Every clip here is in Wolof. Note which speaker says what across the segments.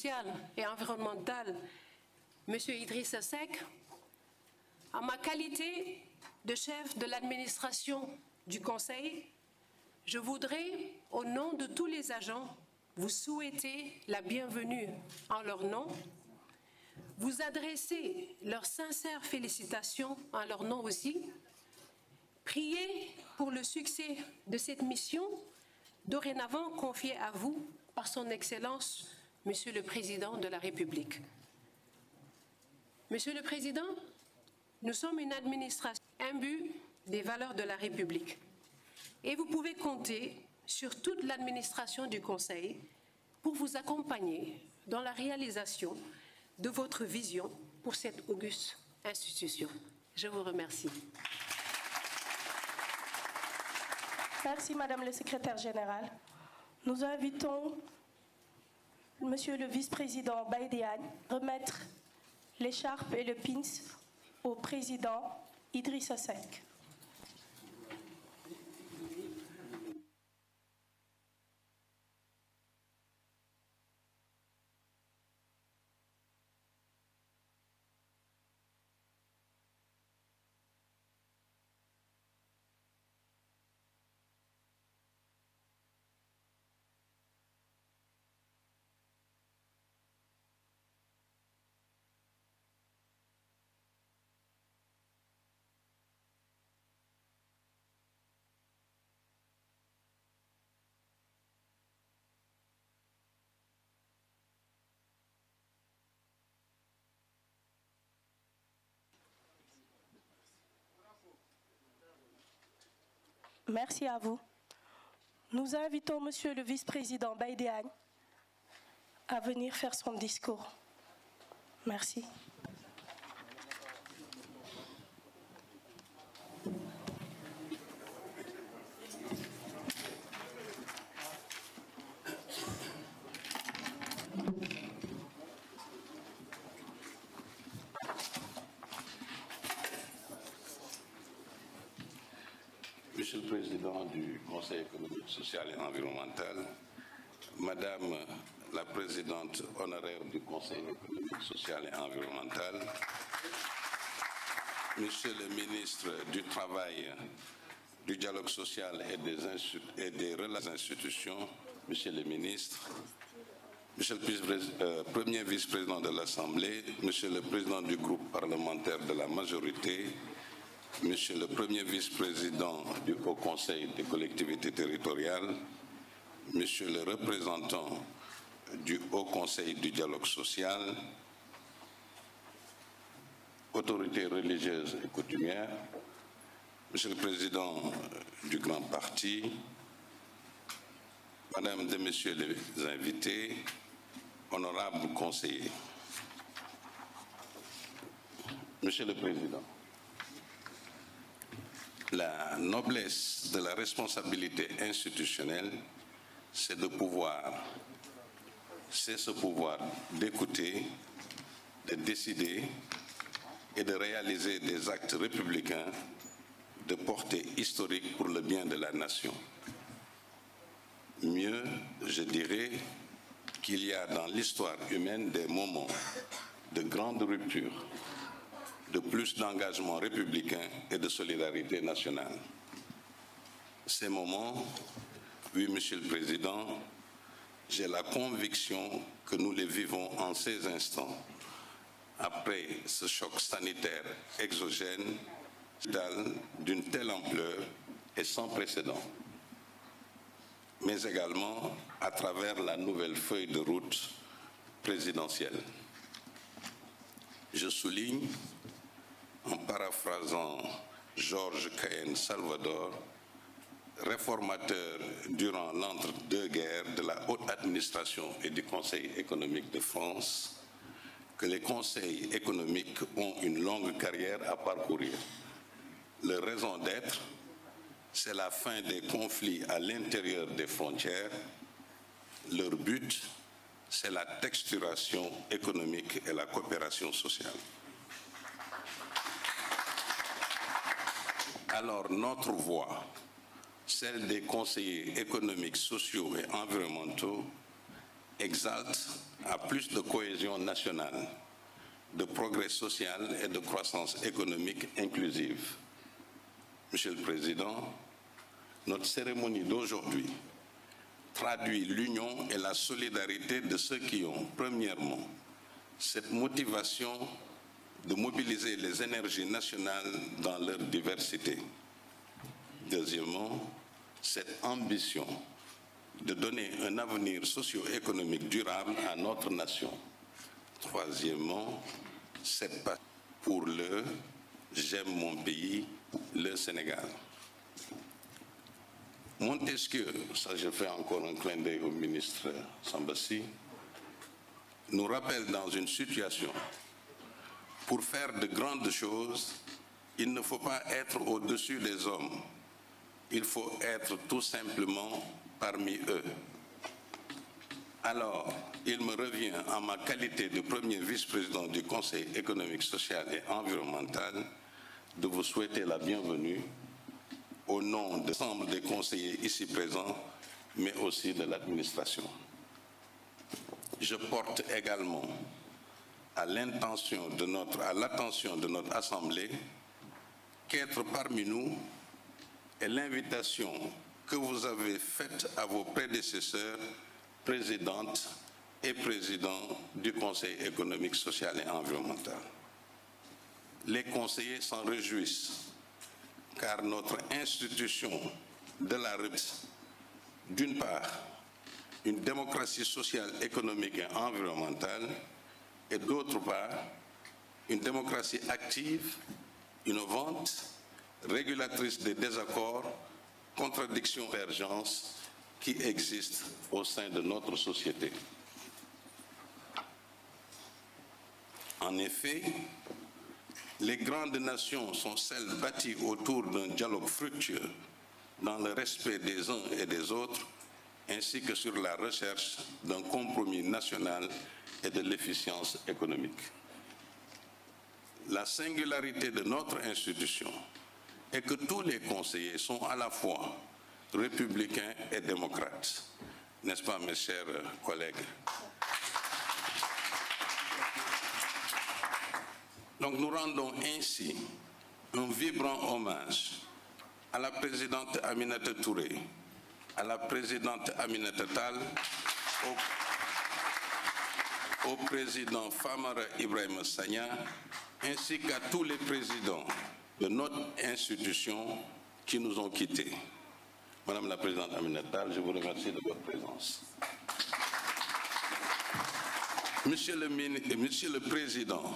Speaker 1: sociale et environnementale, M. Idriss Sek, en ma qualité de chef de l'administration du Conseil, je voudrais, au nom de tous les agents, vous souhaiter la bienvenue en leur nom, vous adresser leurs sincères félicitations en leur nom aussi, prier pour le succès de cette mission dorénavant confiée à vous par son Excellence Monsieur le Président de la République. Monsieur le Président, nous sommes une administration imbue des valeurs de la République et vous pouvez compter sur toute l'administration du Conseil pour vous accompagner dans la réalisation de votre vision pour cette auguste institution. Je vous remercie. Merci Madame le Secrétaire générale. Nous invitons Monsieur le Vice-président Baïdian remettre l'écharpe et le pins au président Idrissa Seck. Merci à vous. Nous invitons Monsieur le vice-président Baïdéagne à venir faire son discours. Merci.
Speaker 2: du Conseil économique, social et environnemental, Madame la présidente honoraire du Conseil économique, social et environnemental, Monsieur le ministre du Travail, du Dialogue social et des, et des relations institutions, Monsieur le ministre, Monsieur le vice euh, premier vice-président de l'Assemblée, Monsieur le président du groupe parlementaire de la majorité, Monsieur le Premier vice-président du Haut Conseil des collectivités territoriales, Monsieur le représentant du Haut Conseil du dialogue social, autorités religieuses et coutumières, Monsieur le Président du Grand Parti, Madame et Messieurs les invités, honorables conseillers, Monsieur le Président, la noblesse de la responsabilité institutionnelle, c'est de pouvoir, c'est ce pouvoir d'écouter, de décider et de réaliser des actes républicains de portée historique pour le bien de la nation. Mieux, je dirais qu'il y a dans l'histoire humaine des moments de grande rupture de plus d'engagement républicain et de solidarité nationale. Ces moments, oui, Monsieur le Président, j'ai la conviction que nous les vivons en ces instants, après ce choc sanitaire exogène d'une telle ampleur et sans précédent, mais également à travers la nouvelle feuille de route présidentielle. Je souligne en paraphrasant Georges Cayen Salvador, réformateur durant l'entre-deux-guerres de la haute administration et du Conseil économique de France, que les conseils économiques ont une longue carrière à parcourir. Leur raison d'être, c'est la fin des conflits à l'intérieur des frontières. Leur but, c'est la texturation économique et la coopération sociale. alors notre voix, celle des conseillers économiques, sociaux et environnementaux, exalte à plus de cohésion nationale, de progrès social et de croissance économique inclusive. Monsieur le Président, notre cérémonie d'aujourd'hui traduit l'union et la solidarité de ceux qui ont, premièrement, cette motivation de mobiliser les énergies nationales dans leur diversité. Deuxièmement, cette ambition de donner un avenir socio-économique durable à notre nation. Troisièmement, cette passion pour le j'aime mon pays, le Sénégal. Montesquieu, ça je fais encore un clin au ministre Sambassi, nous rappelle dans une situation pour faire de grandes choses, il ne faut pas être au-dessus des hommes. Il faut être tout simplement parmi eux. Alors, il me revient en ma qualité de premier vice-président du Conseil économique, social et environnemental de vous souhaiter la bienvenue au nom de l'ensemble des conseillers ici présents, mais aussi de l'administration. Je porte également à l'intention de notre, à l'attention de notre Assemblée qu'être parmi nous est l'invitation que vous avez faite à vos prédécesseurs, présidentes et présidents du Conseil économique, social et environnemental. Les conseillers s'en réjouissent car notre institution de la RIPS, d'une part, une démocratie sociale, économique et environnementale, et d'autre part, une démocratie active, innovante, régulatrice des désaccords, contradictions, convergences qui existent au sein de notre société. En effet, les grandes nations sont celles bâties autour d'un dialogue fructueux dans le respect des uns et des autres, ainsi que sur la recherche d'un compromis national et de l'efficience économique. La singularité de notre institution est que tous les conseillers sont à la fois républicains et démocrates. N'est-ce pas, mes chers collègues Donc nous rendons ainsi un vibrant hommage à la présidente Aminata Touré, à la présidente Aminata Tal, au président Famara Ibrahim Sagna ainsi qu'à tous les présidents de notre institution qui nous ont quittés. Madame la Présidente Aminatal, je vous remercie de votre le, Président,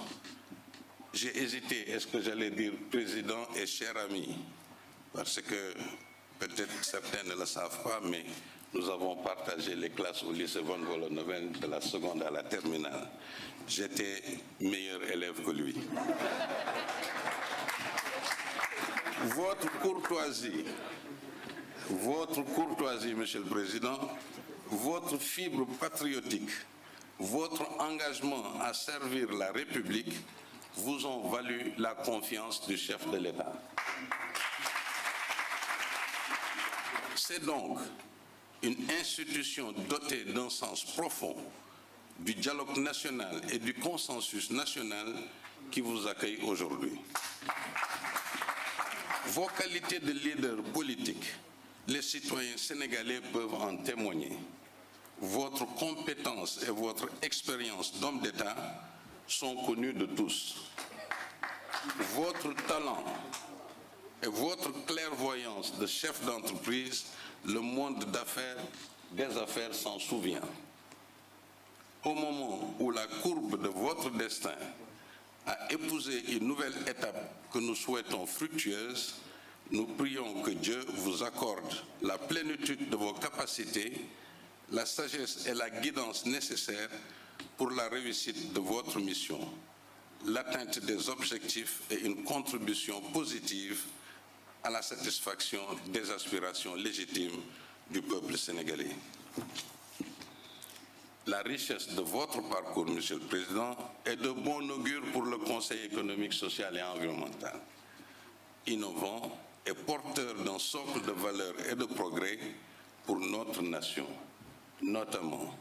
Speaker 2: j'ai hésité, est-ce Président et cher ami, parce que peut-être certains ne le savent pas, mais Nous avons partagé les classes au lycée Von Volonoven de la seconde à la terminale. J'étais meilleur élève que lui. Votre courtoisie, votre courtoisie, Monsieur le Président, votre fibre patriotique, votre engagement à servir la République vous ont valu la confiance du chef de l'État. C'est donc une institution dotée d'un sens profond du dialogue national et du consensus national qui vous accueille aujourd'hui. Vos qualités de leader politique, les citoyens sénégalais peuvent en témoigner. Votre compétence et votre expérience d'homme d'État sont connues de tous. Votre talent et votre clairvoyance de chef d'entreprise le monde d'affaires, des affaires s'en souvient. Au moment où la courbe de votre destin a épousé une nouvelle étape que nous souhaitons fructueuse, nous prions que Dieu vous accorde la plénitude de vos capacités, la sagesse et la guidance nécessaires pour la réussite de votre mission, l'atteinte des objectifs et une contribution positive à la satisfaction des aspirations légitimes du peuple sénégalais. La richesse de votre parcours, Monsieur le Président, est de bon augure pour le Conseil économique, social et environnemental. Innovant et porteur d'un socle de valeurs et de progrès pour notre nation, notamment,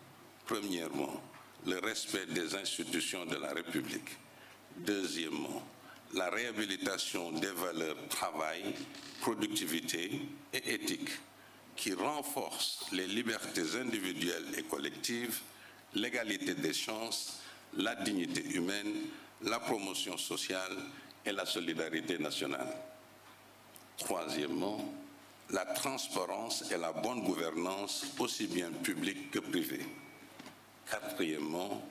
Speaker 2: premièrement, le respect des institutions de la République, deuxièmement, la réhabilitation des valeurs travail, productivité et éthique qui renforcent les libertés individuelles et collectives, l'égalité des chances, la dignité humaine, la promotion sociale et la solidarité nationale. Troisièmement, la transparence et la bonne gouvernance aussi bien publique que privée. Quatrièmement,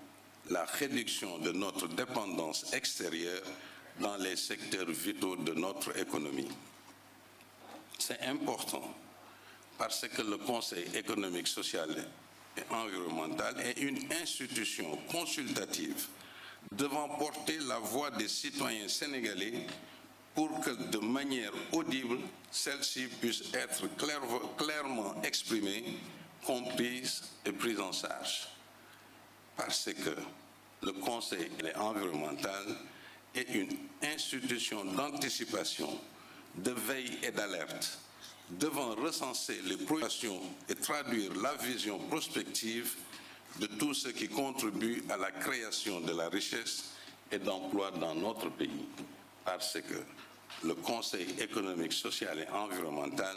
Speaker 2: la réduction de notre dépendance extérieure dans les secteurs vitaux de notre économie. C'est important parce que le Conseil économique, social et environnemental est une institution consultative devant porter la voix des citoyens sénégalais pour que de manière audible, celle-ci puisse être clair, clairement exprimée, comprise et prise en charge. Parce que le Conseil environnemental et une institution d'anticipation, de veille et d'alerte, devant recenser les projections et traduire la vision prospective de tout ce qui contribue à la création de la richesse et d'emplois dans notre pays, parce que le Conseil économique, social et environnemental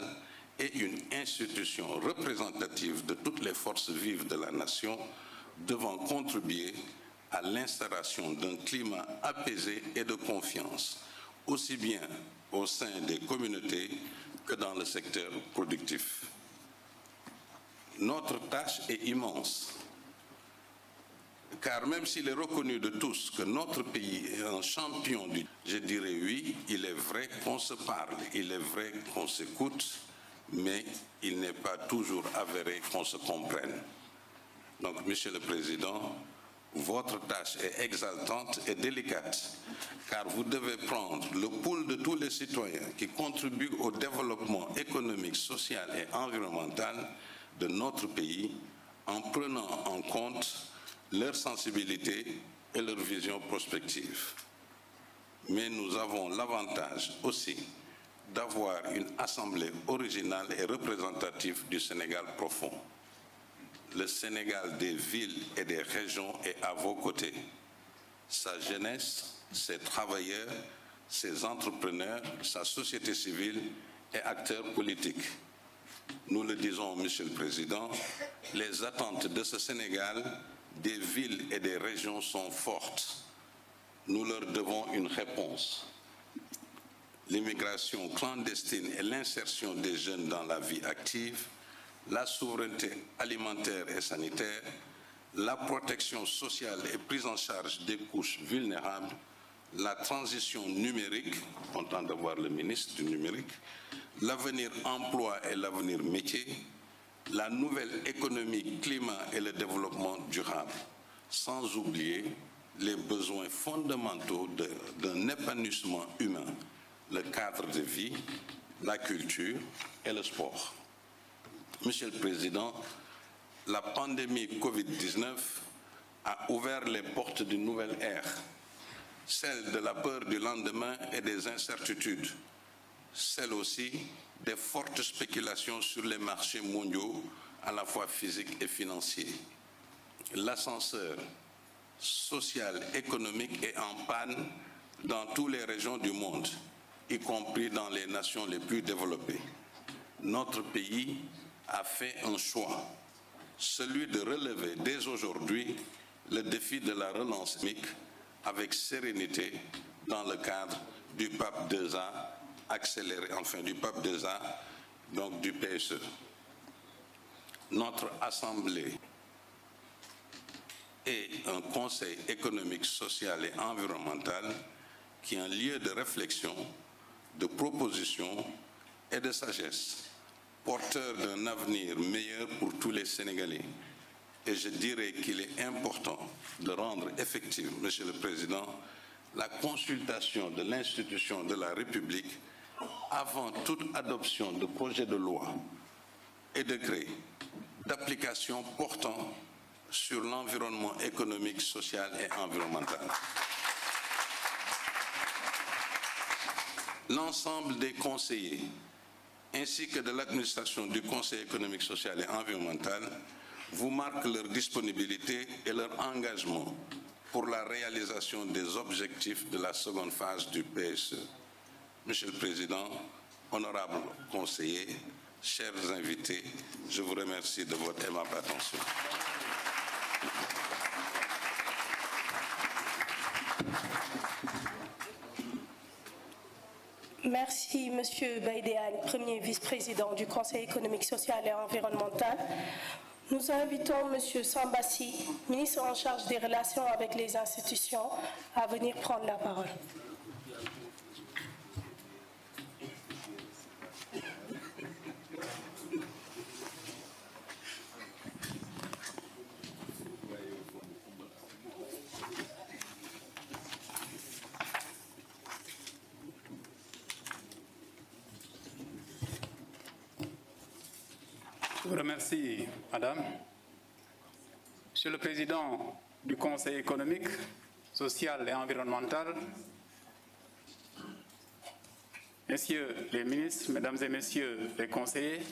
Speaker 2: est une institution représentative de toutes les forces vives de la nation devant contribuer à l'instauration d'un climat apaisé et de confiance, aussi bien au sein des communautés que dans le secteur productif. Notre tâche est immense, car même s'il est reconnu de tous que notre pays est un champion du... Je dirais oui, il est vrai qu'on se parle, il est vrai qu'on s'écoute, mais il n'est pas toujours avéré qu'on se comprenne. Donc, Monsieur le Président, Votre tâche est exaltante et délicate, car vous devez prendre le pôle de tous les citoyens qui contribuent au développement économique, social et environnemental de notre pays en prenant en compte leur sensibilité et leur vision prospective. Mais nous avons l'avantage aussi d'avoir une assemblée originale et représentative du Sénégal profond. le Sénégal des villes et des régions est à vos côtés. Sa jeunesse, ses travailleurs, ses entrepreneurs, sa société civile et acteurs politiques. Nous le disons, Monsieur le Président, les attentes de ce Sénégal, des villes et des régions sont fortes. Nous leur devons une réponse. L'immigration clandestine et l'insertion des jeunes dans la vie active la souveraineté alimentaire et sanitaire, la protection sociale et prise en charge des couches vulnérables, la transition numérique, content d'avoir le ministre du numérique, l'avenir emploi et l'avenir métier, la nouvelle économie, climat et le développement durable, sans oublier les besoins fondamentaux d'un épanouissement humain, le cadre de vie, la culture et le sport. Monsieur le Président, la pandémie Covid-19 a ouvert les portes d'une nouvelle ère, de la peur du lendemain et des incertitudes, celle aussi des fortes spéculations sur les marchés mondiaux, à la fois physiques et financiers. L'ascenseur social, économique est en panne dans toutes les régions du monde, y compris dans les nations les plus développées. a fait un choix, celui de relever dès aujourd'hui le défi de la relance économique avec sérénité dans le cadre du PAP 2A accéléré, enfin du PAP 2A, donc du PSE. Notre Assemblée et un Conseil économique, social et environnemental qui est un lieu de réflexion, de proposition et de sagesse porteur d'un avenir meilleur pour tous les Sénégalais. Et je dirais qu'il est important de rendre effective, Monsieur le Président, la consultation de l'institution de la République avant toute adoption de projets de loi et décrets d'application portant sur l'environnement économique, social et environnemental. L'ensemble des conseillers ainsi que de l'administration du Conseil économique, social et environnemental vous marquent leur disponibilité et leur engagement pour la réalisation des objectifs de la seconde phase du PSE. Monsieur le Président, honorables conseillers, chers invités, je vous remercie de votre aimable attention.
Speaker 1: Merci, Monsieur Baïdéan, premier vice-président du Conseil économique, social et environnemental. Nous invitons M. Sambassi, ministre en charge des relations avec les institutions, à venir prendre la parole.
Speaker 3: Madame, Monsieur le Président du Conseil économique, social et environnemental, Messieurs les ministres, Mesdames et Messieurs les conseillers,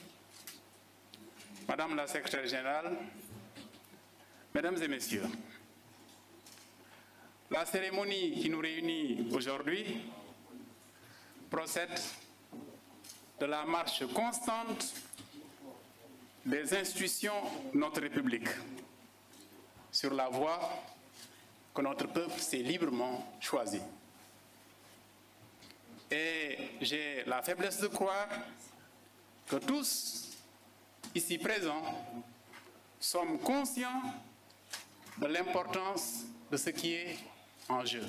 Speaker 3: Madame la Secrétaire générale, Mesdames et Messieurs, la cérémonie qui nous réunit aujourd'hui procède de la marche constante les institutions de notre République sur la voie que notre peuple s'est librement choisie. Et j'ai la faiblesse de croire que tous ici présents sommes conscients de l'importance de ce qui est en jeu.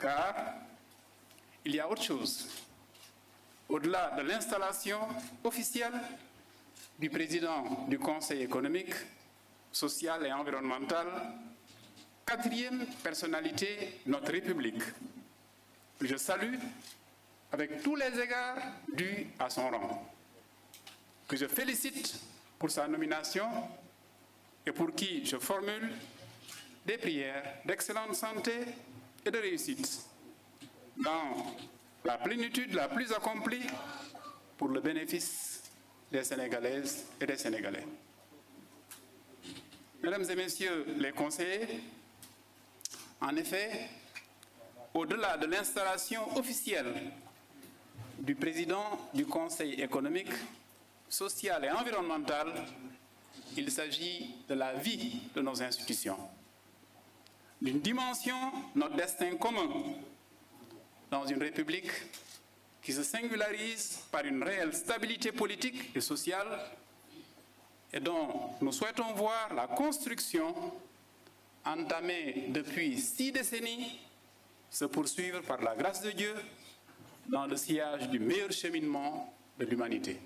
Speaker 3: Car il y a autre chose au-delà de l'installation officielle du président du Conseil économique, social et environnemental, quatrième personnalité de notre République. Je salue avec tous les égards dus à son rang, que je félicite pour sa nomination et pour qui je formule des prières d'excellente santé et de réussite dans la plénitude la plus accomplie pour le bénéfice des Sénégalaises et des Sénégalais. Mesdames et messieurs les conseillers, en effet, au-delà de l'installation officielle du président du Conseil économique, social et environnemental, il s'agit de la vie de nos institutions, d'une dimension, notre destin commun, dans une république qui se singularise par une réelle stabilité politique et sociale et dont nous souhaitons voir la construction entamée depuis six décennies se poursuivre par la grâce de Dieu dans le sillage du meilleur cheminement de l'humanité.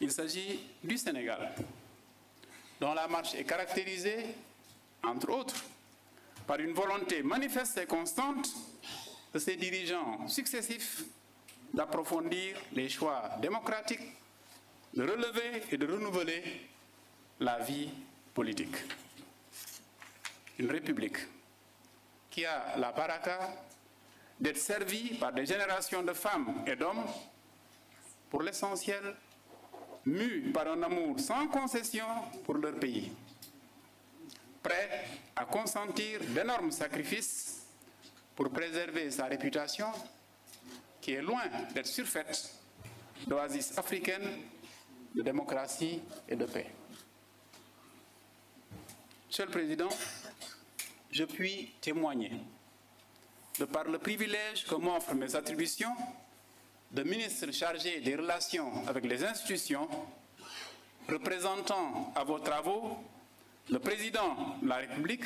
Speaker 3: Il s'agit du Sénégal, dont la marche est caractérisée, entre autres, par une volonté manifeste et constante de ses dirigeants successifs d'approfondir les choix démocratiques, de relever et de renouveler la vie politique. Une république qui a la baraka d'être servie par des générations de femmes et d'hommes, pour l'essentiel, mues par un amour sans concession pour leur pays. prêt à consentir d'énormes sacrifices pour préserver sa réputation, qui est loin d'être surfaite d'oasis africaine de démocratie et de paix. Monsieur le Président, je puis témoigner, de par le privilège que m'offrent mes attributions de ministre chargé des relations avec les institutions, représentant à vos travaux le président de la République,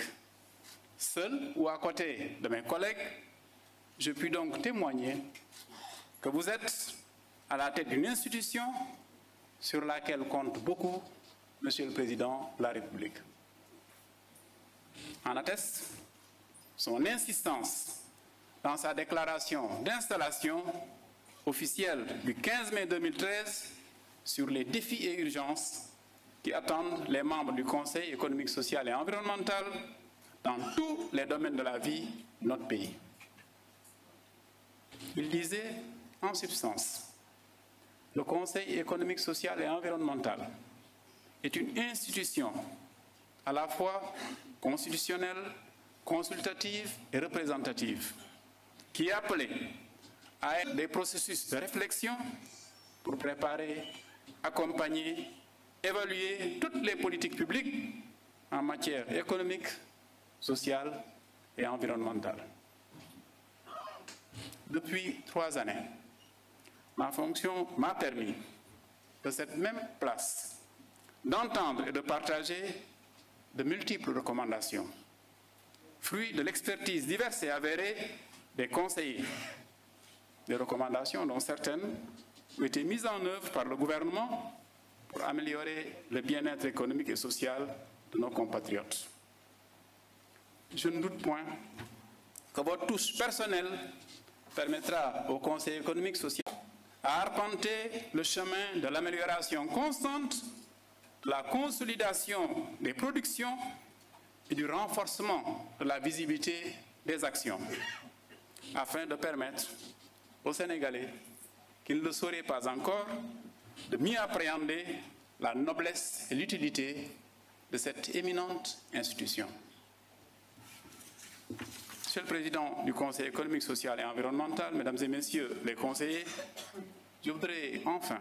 Speaker 3: seul ou à côté de mes collègues, je puis donc témoigner que vous êtes à la tête d'une institution sur laquelle compte beaucoup Monsieur le Président de la République. En atteste son insistance dans sa déclaration d'installation officielle du 15 mai 2013 sur les défis et urgences qui attendent les membres du Conseil économique, social et environnemental dans tous les domaines de la vie de notre pays. Il disait en substance, le Conseil économique, social et environnemental est une institution à la fois constitutionnelle, consultative et représentative, qui est à des processus de réflexion pour préparer, accompagner évaluer toutes les politiques publiques en matière économique, sociale et environnementale. Depuis trois années, ma fonction m'a permis de cette même place d'entendre et de partager de multiples recommandations, fruit de l'expertise diverse et avérée des conseillers, des recommandations dont certaines ont été mises en œuvre par le gouvernement pour améliorer le bien-être économique et social de nos compatriotes. Je ne doute point que votre touche personnelle permettra au Conseil économique, social à arpenter le chemin de l'amélioration constante, de la consolidation des productions et du renforcement de la visibilité des actions, afin de permettre aux Sénégalais qui ne le sauraient pas encore de mieux appréhender la noblesse et l'utilité de cette éminente institution. Monsieur le Président du Conseil économique, social et environnemental, Mesdames et Messieurs les conseillers, je voudrais enfin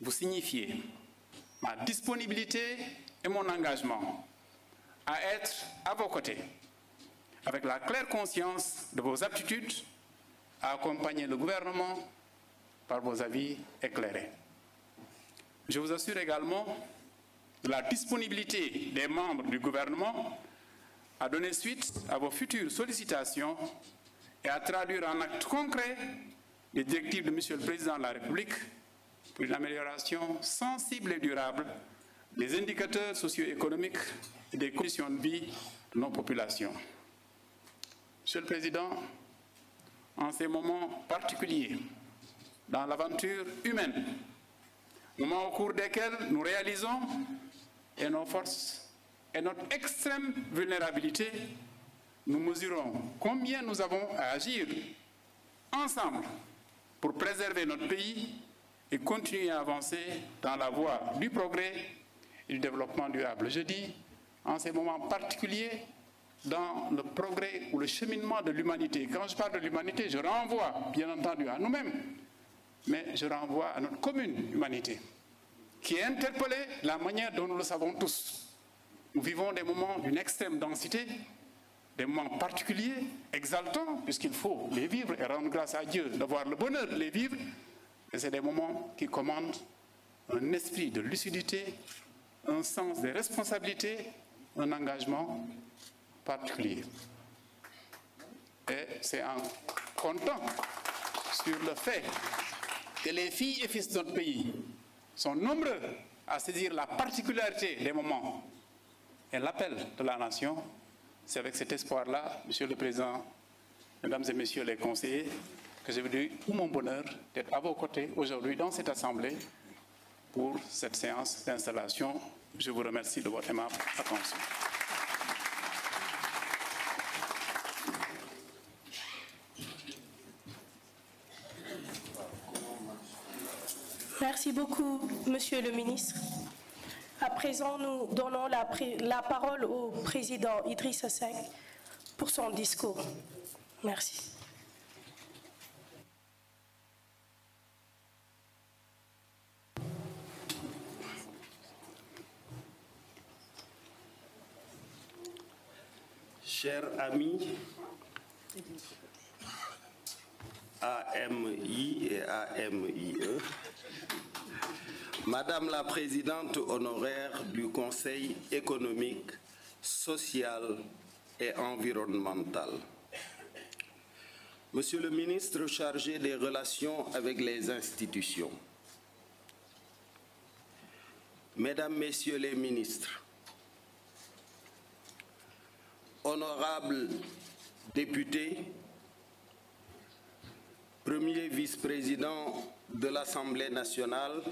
Speaker 3: vous signifier ma disponibilité et mon engagement à être à vos côtés, avec la claire conscience de vos aptitudes à accompagner le gouvernement par vos avis éclairés. Je vous assure également de la disponibilité des membres du gouvernement à donner suite à vos futures sollicitations et à traduire en actes concrets les directives de M. le Président de la République pour une amélioration sensible et durable des indicateurs socio-économiques et des conditions de vie de nos populations. Monsieur le Président, en ces moments particuliers, dans l'aventure humaine moments au cours desquels nous réalisons et nos forces et notre extrême vulnérabilité, nous mesurons combien nous avons à agir ensemble pour préserver notre pays et continuer à avancer dans la voie du progrès et du développement durable. Je dis, en ces moments particuliers, dans le progrès ou le cheminement de l'humanité. Quand je parle de l'humanité, je renvoie, bien entendu, à nous-mêmes, mais je renvoie à notre commune humanité qui est interpellée la manière dont nous le savons tous. Nous vivons des moments d'une extrême densité, des moments particuliers, exaltants, puisqu'il faut les vivre et rendre grâce à Dieu d'avoir le bonheur de les vivre. Et c'est des moments qui commandent un esprit de lucidité, un sens responsabilité responsabilités, un engagement particulier. Et c'est en comptant sur le fait que les filles et fils de notre pays sont nombreux à saisir la particularité des moments et l'appel de la nation. C'est avec cet espoir-là, Monsieur le Président, Mesdames et Messieurs les conseillers, que je vous tout mon bonheur d'être à vos côtés aujourd'hui dans cette Assemblée pour cette séance d'installation. Je vous remercie de votre aimable attention.
Speaker 1: Merci beaucoup, Monsieur le ministre. À présent, nous donnons la, la parole au président Idriss Seck pour son discours. Merci.
Speaker 4: Chers amis, AMI et AMIE, Madame la Présidente honoraire du Conseil économique, social et environnemental, Monsieur le ministre chargé des relations avec les institutions, Mesdames, Messieurs les ministres, honorables députés, premier vice-président de l'Assemblée nationale,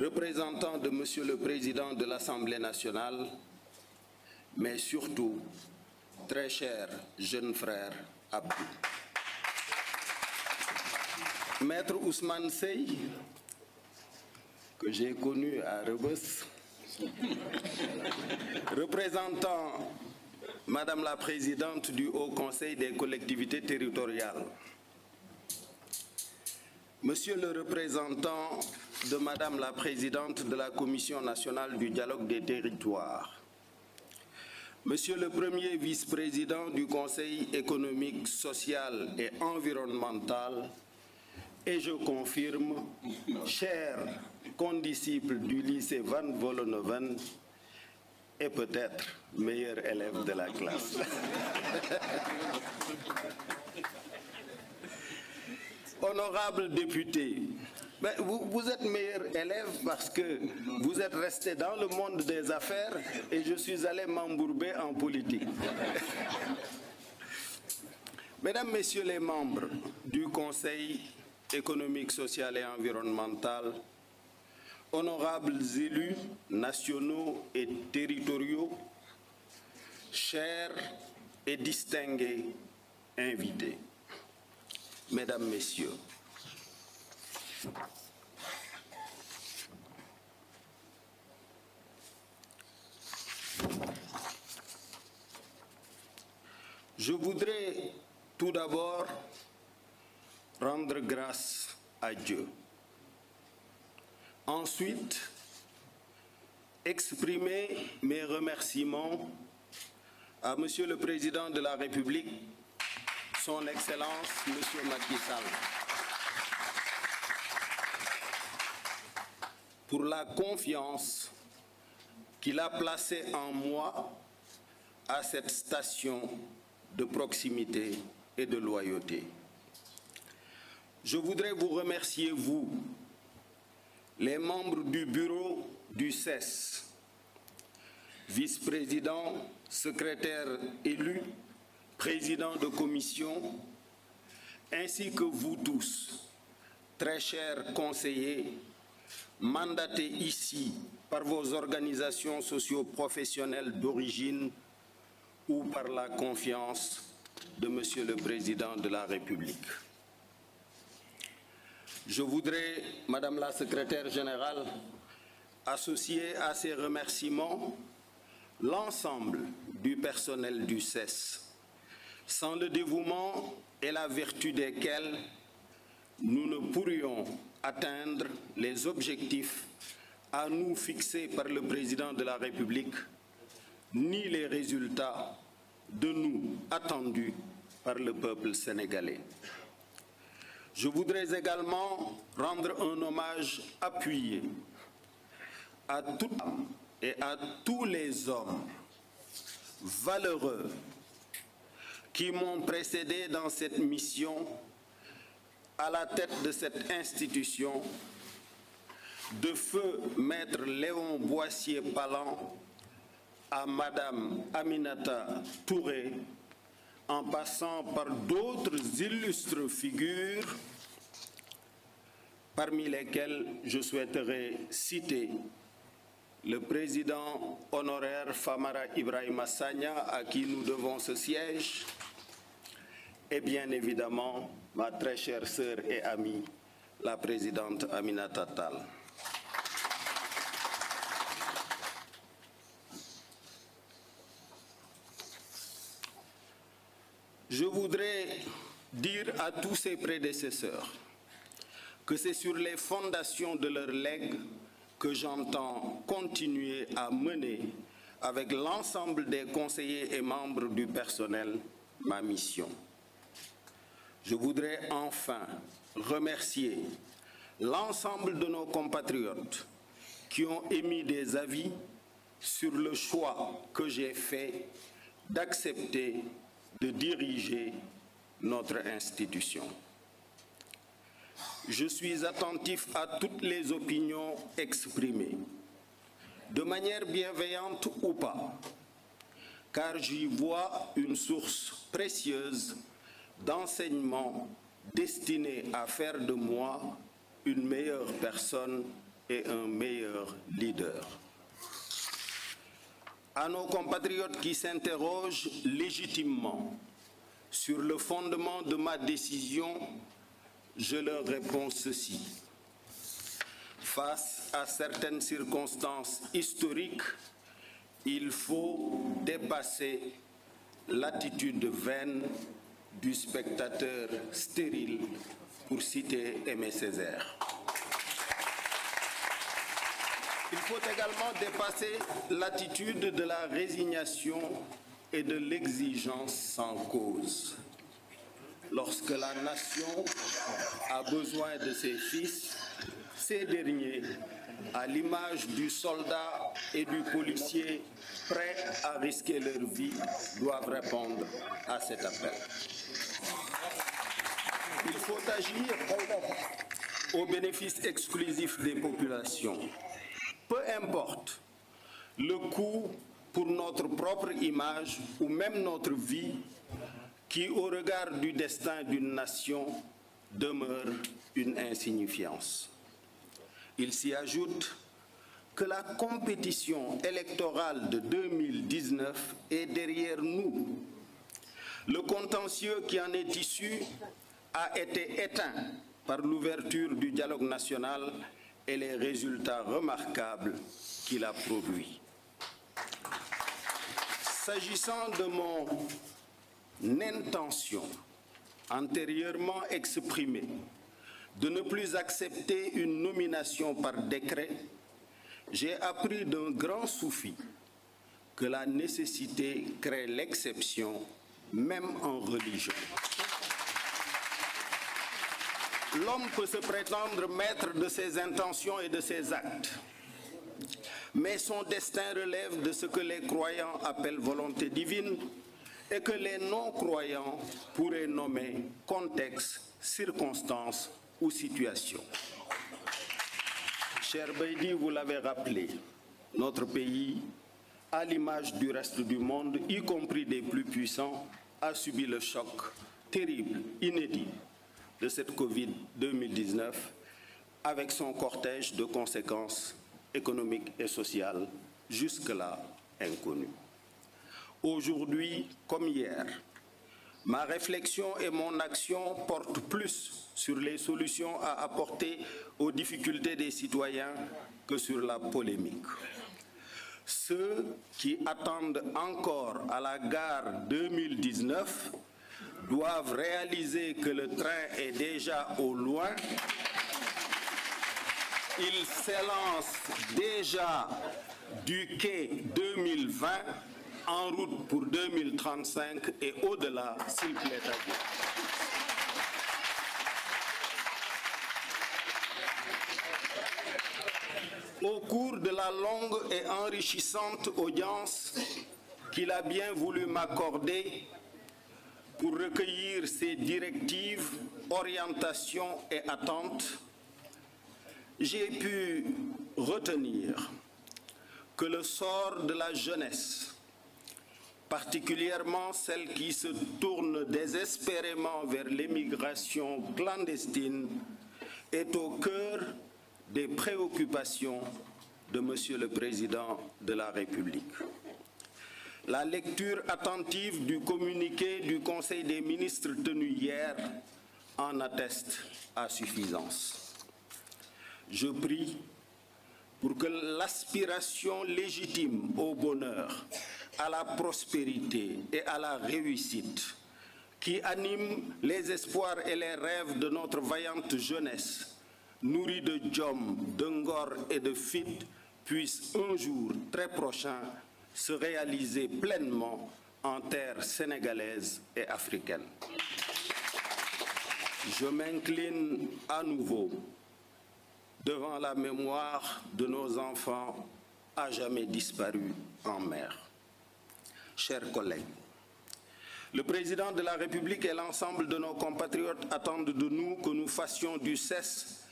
Speaker 4: représentant de Monsieur le Président de l'Assemblée nationale, mais surtout, très cher jeune frère Abdou. Maître Ousmane Sey, que j'ai connu à Rebus, représentant Madame la Présidente du Haut Conseil des collectivités territoriales, Monsieur le représentant de Madame la Présidente de la Commission nationale du dialogue des territoires, Monsieur le Premier vice-président du Conseil économique, social et environnemental, et je confirme, cher condisciple du lycée Van Vollenhoven est peut-être meilleur élève de la classe. Honorable député, ben vous, vous, êtes meilleur élève parce que vous êtes resté dans le monde des affaires et je suis allé m'embourber en politique. Mesdames, Messieurs les membres du Conseil économique, social et environnemental, honorables élus nationaux et territoriaux, chers et distingués invités. Mesdames, Messieurs, je voudrais tout d'abord rendre grâce à Dieu. Ensuite, exprimer mes remerciements à Monsieur le Président de la République son excellence monsieur Macky Sall pour la confiance qu'il a placée en moi à cette station de proximité et de loyauté. Je voudrais vous remercier, vous, les membres du bureau du CES, vice-président, secrétaire élu, président de commission, ainsi que vous tous, très chers conseillers, mandatés ici par vos organisations socio-professionnelles d'origine ou par la confiance de Monsieur le Président de la République. Je voudrais, Madame la Secrétaire Générale, associer à ces remerciements l'ensemble du personnel du CES, sans le dévouement et la vertu desquels nous ne pourrions atteindre les objectifs à nous fixés par le président de la République, ni les résultats de nous attendus par le peuple sénégalais. Je voudrais également rendre un hommage appuyé à toutes à tous les hommes valeureux qui m'ont précédé dans cette mission à la tête de cette institution, de feu maître Léon Boissier Palan à madame Aminata Touré, en passant par d'autres illustres figures, parmi lesquelles je souhaiterais citer le président honoraire Famara Ibrahim Sagna, à qui nous devons ce siège, et bien évidemment ma très chère sœur et amie, la présidente Aminata Tall. Je voudrais dire à tous ses prédécesseurs que c'est sur les fondations de leur legs que j'entends continuer à mener avec l'ensemble des conseillers et membres du personnel ma mission. Je voudrais enfin remercier l'ensemble de nos compatriotes qui ont émis des avis sur le choix que j'ai fait d'accepter de diriger notre institution. Je suis attentif à toutes les opinions exprimées, de manière bienveillante ou pas, car j'y vois une source précieuse d'enseignement destiné à faire de moi une meilleure personne et un meilleur leader. À nos compatriotes qui s'interrogent légitimement sur le fondement de ma décision, je leur réponds ceci. Face à certaines circonstances historiques, il faut dépasser l'attitude vaine du spectateur stérile, pour citer Aimé Césaire. Il faut également dépasser l'attitude de la résignation et de l'exigence sans cause. Lorsque la nation a besoin de ses fils, ces derniers à l'image du soldat et du policier prêts à risquer leur vie, doivent répondre à cet appel. Il faut agir au bénéfice exclusif des populations. Peu importe le coût pour notre propre image ou même notre vie qui, au regard du destin d'une nation, demeure une insignifiance. Il s'y ajoute la compétition électorale de 2019 est derrière nous. Le contentieux qui en est issu a été par l'ouverture du dialogue national et les résultats remarquables qu'il a produits. S'agissant de mon intention antérieurement de ne plus accepter une nomination par décret, j'ai appris d'un grand soufi que la nécessité crée l'exception, même en religion. L'homme peut se prétendre maître de ses intentions et de ses actes, mais son destin relève de ce que les croyants appellent volonté divine et que les non-croyants pourraient nommer contexte, circonstance ou situation. Cher Baidi, vous l'avez rappelé, notre pays, à l'image du reste du monde, y compris des plus puissants, a subi le choc terrible, inédit de cette Covid-2019 avec son cortège de conséquences économiques et sociales jusque-là inconnues. Aujourd'hui, comme hier, Ma réflexion et mon action plus sur les solutions à apporter aux difficultés des citoyens que sur la polémique. Ceux qui attendent encore à la gare 2019 doivent réaliser que le train est au loin. Il s'élance déjà du quai 2020 en route pour 2035 et au-delà, s'il plaît à vous. Au cours de la longue et enrichissante audience qu'il a bien voulu m'accorder pour recueillir ses directives, orientations et attentes, j'ai pu retenir que le sort de la jeunesse particulièrement celles qui se tournent désespérément vers l'émigration clandestine, est au cœur des préoccupations de Monsieur le Président de la République. La lecture attentive du communiqué du Conseil des ministres tenu hier en atteste à suffisance. Je prie pour que l'aspiration légitime au bonheur à la prospérité et à la réussite qui anime les espoirs et les rêves de notre vaillante jeunesse, nourrie de Djom, de et de Fit, puisse un jour très prochain se réaliser pleinement en terre sénégalaise et africaine. Je m'incline à nouveau devant la mémoire de nos enfants à jamais disparus en mer. chers collègues. Le président de la République et l'ensemble de nos compatriotes attendent de nous que nous fassions du CESE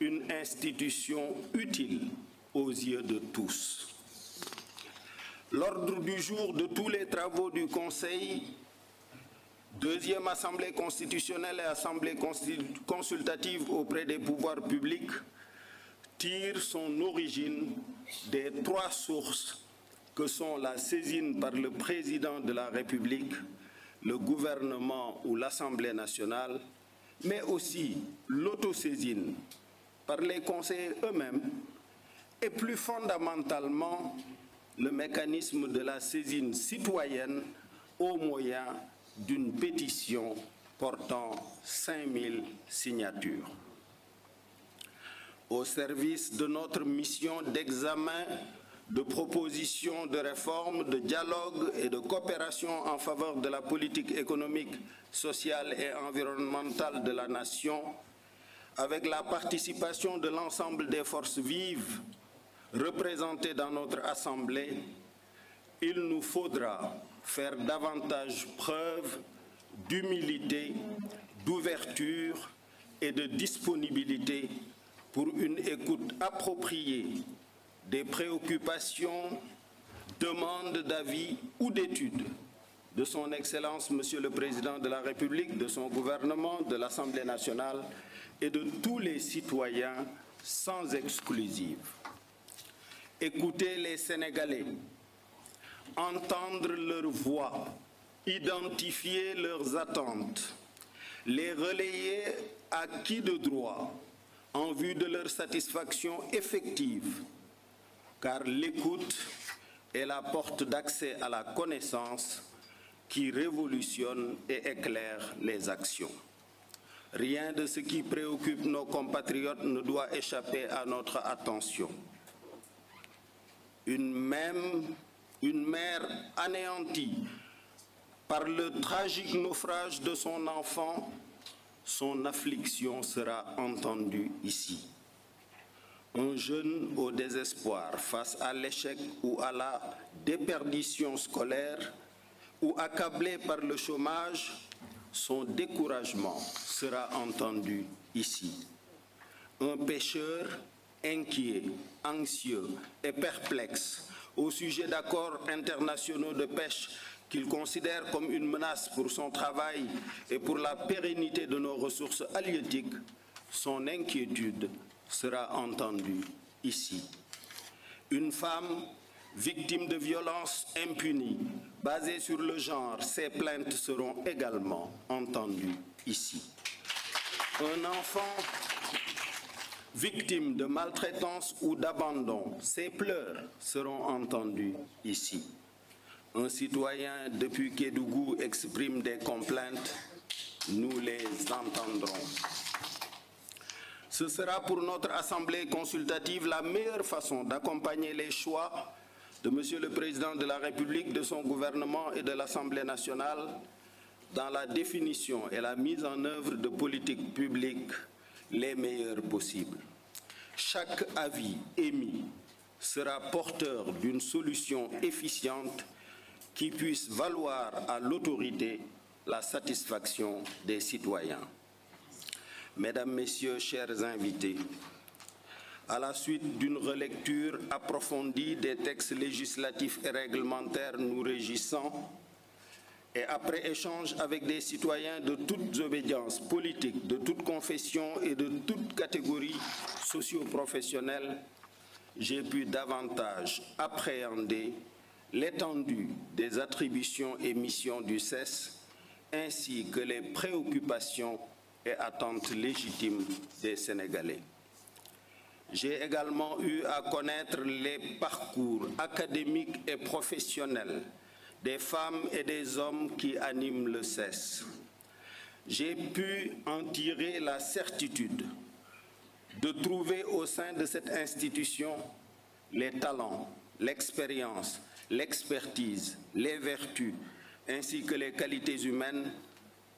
Speaker 4: une institution utile aux yeux de tous. L'ordre du jour de tous les travaux du Conseil, deuxième Assemblée constitutionnelle et Assemblée consultative auprès des pouvoirs publics, tire son origine des trois sources que sont la saisine par le président de la République, le gouvernement ou l'Assemblée nationale, mais aussi l'autosaisine par les conseillers eux-mêmes et plus fondamentalement le mécanisme de la saisine citoyenne au moyen d'une pétition portant 5000 signatures. Au service de notre mission d'examen de propositions de réforme, de dialogue et de coopération en faveur de la politique économique, sociale et environnementale de la nation, avec la participation de l'ensemble des forces vives représentées dans notre Assemblée, il nous faudra faire davantage preuve d'humilité, d'ouverture et de disponibilité pour une écoute appropriée des préoccupations, demandes d'avis ou d'études de son Excellence Monsieur le Président de la République, de son gouvernement, de l'Assemblée nationale et de tous les citoyens sans exclusive. Écouter les Sénégalais, entendre leur voix, identifier leurs attentes, les relayer à qui de droit en vue de leur satisfaction effective car l'écoute est la porte d'accès à la connaissance qui révolutionne et éclaire les actions. Rien de ce qui préoccupe nos compatriotes ne doit échapper à notre attention. une mère anéantie par le tragique naufrage de son enfant, son affliction sera entendue ici. Un jeune au désespoir face à l'échec ou à la déperdition scolaire ou accablé par le chômage, son découragement sera entendu ici. Un pêcheur inquiet, anxieux et perplexe au sujet d'accords internationaux de pêche qu'il considère comme une menace pour son travail et pour la pérennité de nos ressources halieutiques, son inquiétude sera entendue ici. Une femme victime de violences impunies basées sur le genre, ses plaintes seront également entendues ici. Un enfant victime de maltraitance ou d'abandon, ses pleurs seront entendus ici. Un citoyen depuis Kédougou exprime des complaintes, nous les entendrons. Ce sera pour notre Assemblée consultative la meilleure façon d'accompagner les choix de Monsieur le Président de la République, de son gouvernement et de l'Assemblée nationale dans la définition et la mise en œuvre de politiques publiques les meilleures possibles. Chaque avis émis sera porteur d'une solution efficiente qui puisse valoir à l'autorité la satisfaction des citoyens. Mesdames, Messieurs, chers invités, à la suite d'une relecture approfondie des textes législatifs et réglementaires nous régissant, et après échange avec des citoyens de toutes obédiences politiques, de toute confession et de toute catégorie socio-professionnelle, j'ai pu davantage appréhender l'étendue des attributions et missions du CES ainsi que les préoccupations et attentes légitimes des Sénégalais. J'ai également eu à connaître les parcours académiques et professionnels des femmes et des hommes qui animent le CES. J'ai pu en tirer la certitude de trouver au sein de cette institution les talents, l'expérience, l'expertise, les vertus, ainsi que les qualités humaines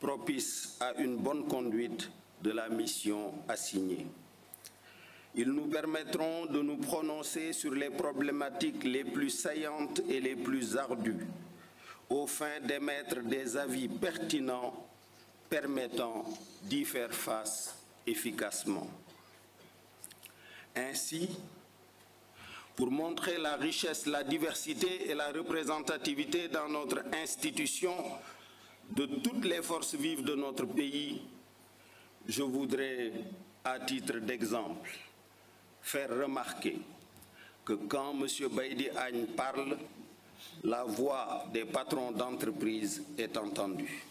Speaker 4: propice à une bonne conduite de la mission assignée. Ils nous permettront de nous prononcer sur les problématiques les plus saillantes et les plus ardues, au fin d'émettre des avis pertinents permettant d'y faire face efficacement. Ainsi, pour montrer la richesse, la diversité et la représentativité dans notre institution, de toutes les forces vives de notre pays, je voudrais, à titre d'exemple, faire remarquer que quand M. Baïdi Agne parle, la voix des patrons d'entreprise est entendue.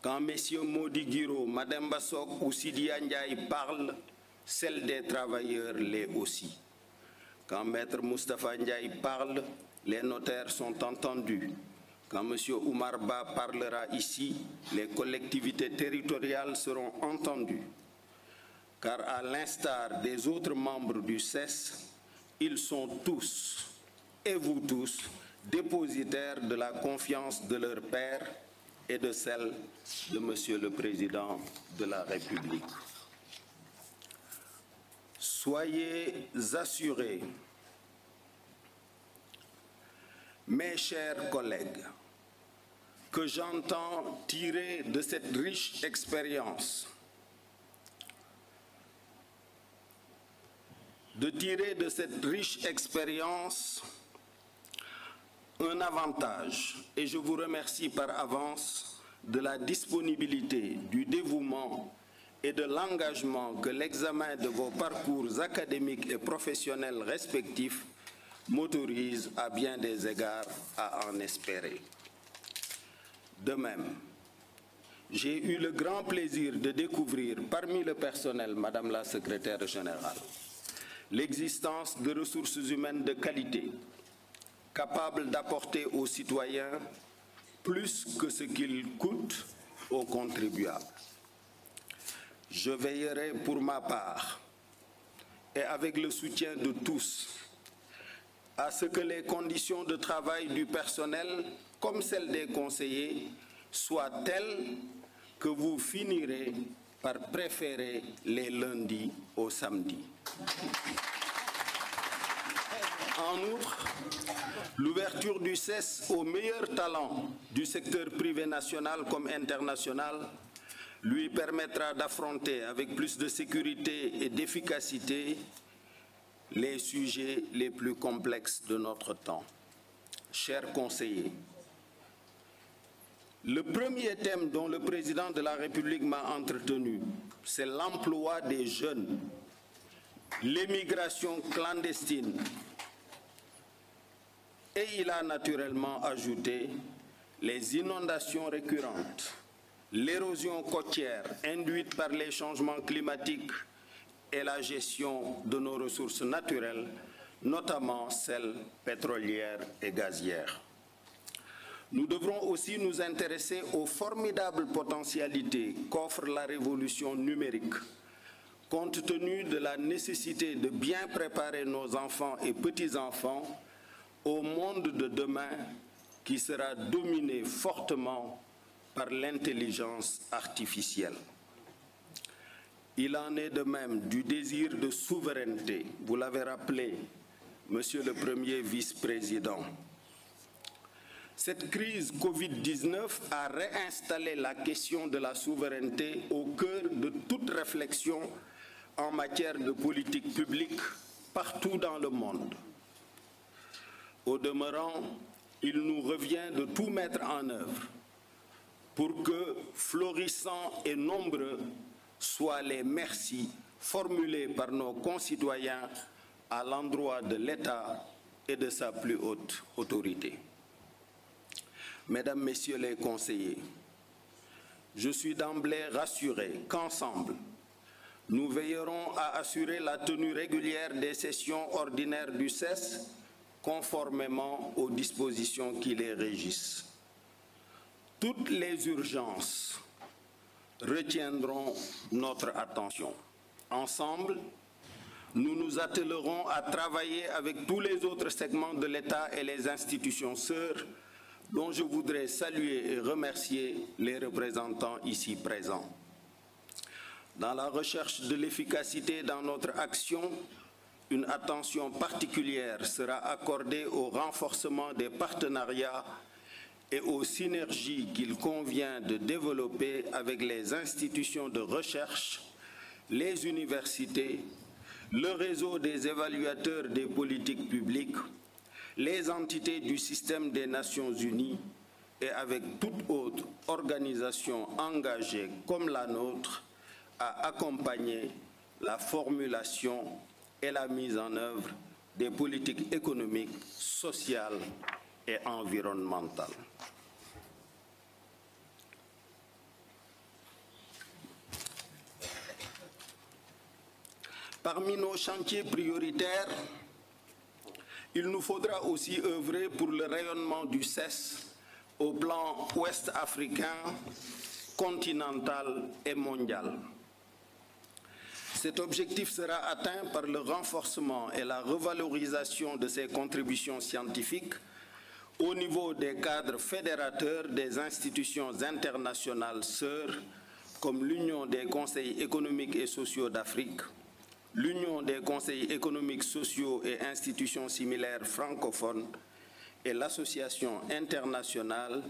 Speaker 4: Quand messieurs Maudi Guiraud, Mme Bassok ou Sidi Ndiaye parlent, celle des travailleurs l'est aussi. Quand Maître Moustapha Ndiaye parle, les notaires sont entendus, Quand M. Oumar Ba parlera ici, les collectivités territoriales seront entendues, car à l'instar des autres membres du CES, ils sont tous, et vous tous, dépositaires de la confiance de leur père et de celle de Monsieur le Président de la République. Soyez assurés mes chers collègues, que j'entends tirer de cette riche expérience, de tirer de cette riche expérience un avantage, et je vous remercie par avance de la disponibilité, du dévouement et de l'engagement que l'examen de vos parcours académiques et professionnels respectifs m'autorise à bien des égards à en espérer. De même, j'ai eu le grand plaisir de découvrir parmi le personnel, Madame la Secrétaire générale, l'existence de ressources humaines de qualité, capables d'apporter aux citoyens plus que ce qu'ils coûtent aux contribuables. Je veillerai pour ma part, et avec le soutien de tous, à ce que les conditions de travail du personnel, comme celles des conseillers, soient telles que vous finirez par préférer les lundis au samedi. En outre, l'ouverture du CES aux meilleurs talents du secteur privé national comme international lui permettra d'affronter avec plus de sécurité et d'efficacité les sujets les plus complexes de notre temps. Chers conseillers, le premier thème dont le président de la République m'a entretenu, c'est l'emploi des jeunes, l'émigration clandestine. Et il a naturellement ajouté les inondations récurrentes, l'érosion côtière induite par les changements climatiques, et la gestion de nos ressources naturelles, notamment celles pétrolières et gazières. Nous devrons aussi nous intéresser aux formidables potentialités qu'offre la révolution numérique. Compte tenu de la nécessité de bien préparer nos enfants et petits-enfants au monde de demain qui sera dominé fortement par l'intelligence artificielle. Il en est de même du désir de souveraineté, vous l'avez rappelé, Monsieur le Premier vice-président. Cette crise Covid-19 a réinstallé la question de la souveraineté au cœur de toute réflexion en matière de politique publique partout dans le monde. de tout mettre en œuvre pour que, florissants et nombreux, soient les merci formulés par nos concitoyens à l'endroit de l'État et de sa plus haute autorité. Mesdames, Messieurs les conseillers, je suis d'emblée rassuré qu'ensemble, nous veillerons à assurer la tenue régulière des sessions ordinaires du CES conformément aux dispositions qui les régissent. Toutes les urgences retiendront notre attention. Ensemble, nous nous attellerons à travailler avec tous les autres segments de l'État et les institutions sœurs, dont je voudrais saluer et remercier les représentants ici présents. Dans la recherche de l'efficacité dans notre action, une attention particulière sera accordée au renforcement des partenariats et aux synergies qu'il convient de développer avec les institutions de recherche, les universités, le réseau des évaluateurs des politiques publiques, les entités du système des Nations Unies et avec toute autre organisation engagée comme la nôtre à accompagner la formulation et la mise en œuvre des politiques économiques, sociales et environnementale. Parmi nos chantiers prioritaires, il nous faudra aussi œuvrer pour le rayonnement du CES au plan ouest africain, continental et mondial. Cet objectif sera atteint par le renforcement et la revalorisation de ses contributions scientifiques au niveau des cadres fédérateurs des institutions internationales sœurs comme l'Union des conseils économiques et sociaux d'Afrique, l'Union des conseils économiques, sociaux et institutions similaires francophones et l'Association internationale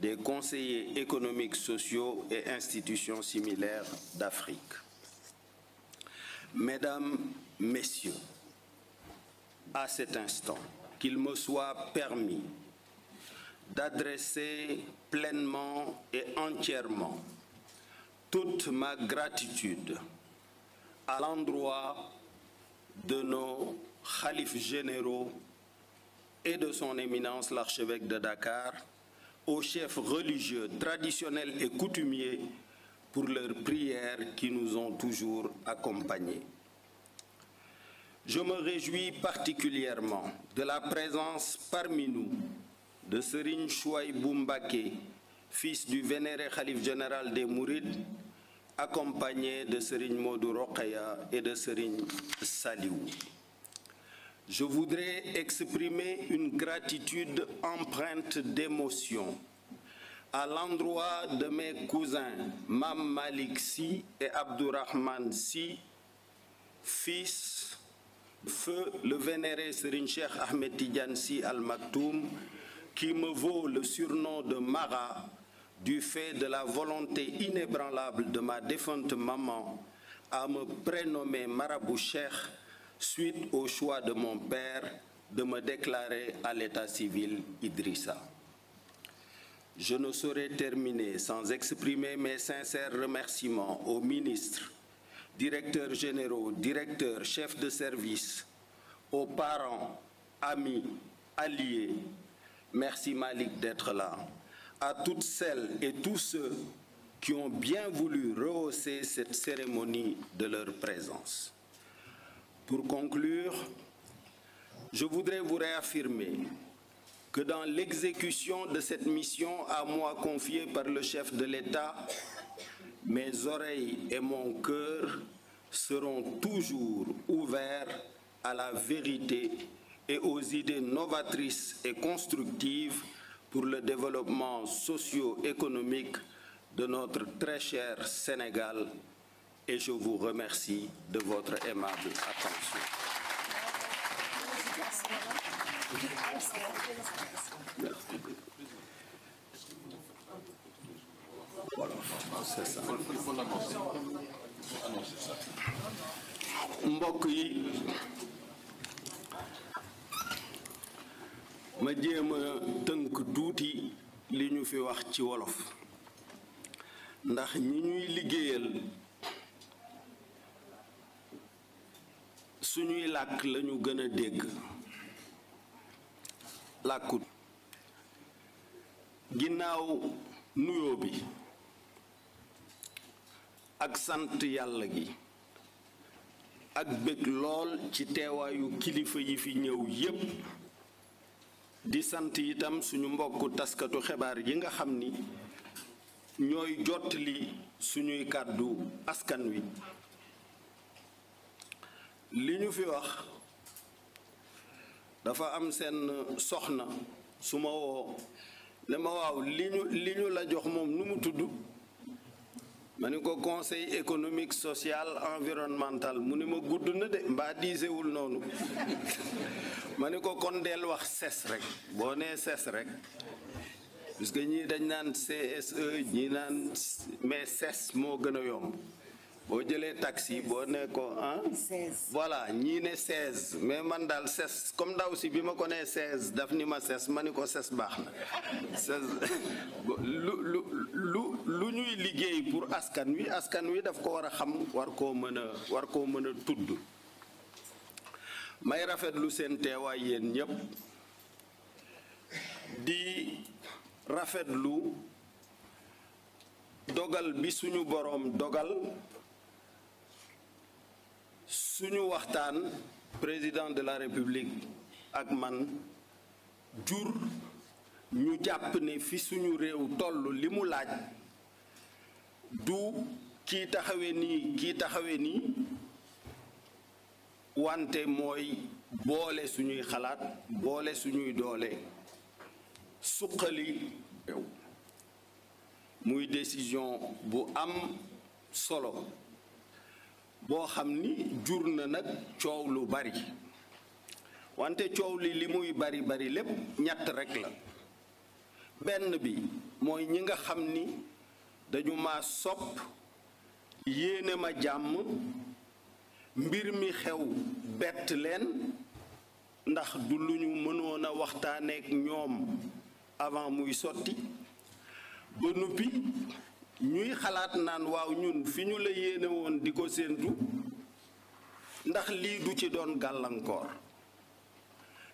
Speaker 4: des conseillers économiques, sociaux et institutions similaires d'Afrique. Mesdames, Messieurs, à cet instant, qu'il me soit permis d'adresser pleinement et entièrement toute ma gratitude à l'endroit de nos khalifes généraux et de son éminence l'archevêque de Dakar, au chefs religieux traditionnels et coutumiers pour leurs prières qui nous ont toujours accompagnés. Je me réjouis particulièrement de la présence parmi nous de Serigne Chouaïbou Mbacké, fils du vénéré Khalif général des Mourides, accompagné de Serigne Modou Rokhaya et de Serigne Saliou. Je voudrais exprimer une gratitude empreinte d'émotion à l'endroit de mes cousins Mam Malik Si et Abdourahman Si, fils, feu le vénéré Serigne Cheikh Ahmed Tidiane Si Al Maktoum qui me vaut le surnom de Mara du fait de la volonté inébranlable de ma défunte maman à me prénommer Marabout suite au choix de mon père de me déclarer à l'état civil Idrissa. Je ne saurais terminer sans exprimer mes sincères remerciements aux ministres, directeurs généraux, directeurs, chefs de service, aux parents, amis, alliés, Merci Malik d'être là. À toutes celles et tous ceux qui ont bien voulu rehausser cette cérémonie de leur présence. Pour conclure, je voudrais vous réaffirmer que dans l'exécution de cette mission à moi confiée par le chef de l'État, mes oreilles et mon cœur seront toujours ouverts à la vérité et aux idées novatrices et constructives pour le développement socio-économique de notre très cher Sénégal et je vous remercie de votre aimable attention. mbokk ma jéema tënk tuuti li ñu fi wax ci wolof ndax ñi ñuy liggéeyal suñuy làkk lañu gën a dégg làkku ginnaaw nuyoo bi ak sant yàlla gi ak bëgg lool ci teewaayu kilifa yi fi ñëw yépp di sant itam suñu mbokk taskatu xibaar yi nga xam ni ñooy jottali suñuy kàddu askan wi li ñu fi wax dafa am seen soxna su ma woo ne ma waaw li ñu li ñu la jox moom nu mu tudd ma ni ko conseil économique social environnemental mu ne ma gudd na de mbaa diisewul noonu ma ni ko kon del wax ses rek boo nee ses rek parce que ñii dañ naan CSE ñii naan mais ses moo gën a yomb boo jëlee taxi boo ne ko ah. 16 voilà ñii ne 16 mais man daal 16 comme ndaw si bi ma ko nee 16 daf ni ma ses ma ne ko 16 baax na 16 lu lu ñuy liggéey pour askan wi askan wi daf ko war a xam war koo mën a war koo mën a tudd may rafet lu seen teewaay yéen ñëpp di lu dogal bi suñu boroom dogal. suñu waxtaan président de la république ak man jur ñu jàpp ni fi suñu réew toll li mu laaj du kii taxawee nii kii taxawee nii wante mooy boole suñuy xalaat boole suñuy doole suqali réew muy décision bu am solo boo xam ni jur na nag coow lu bari wante coow li li muy bari bari lépp ñett rekk la benn bi mooy ñi nga xam ni dañu ma sopp yéene ma jàmm mbir mi xew bett leen ndax du lu ñu mënoon a waxtaaneek ñoom avant muy sotti ba nuppi ñuy xalaat naan waaw ñun fi ñu la yéene woon di ko séentu ndax lii du ci doon gàllankoor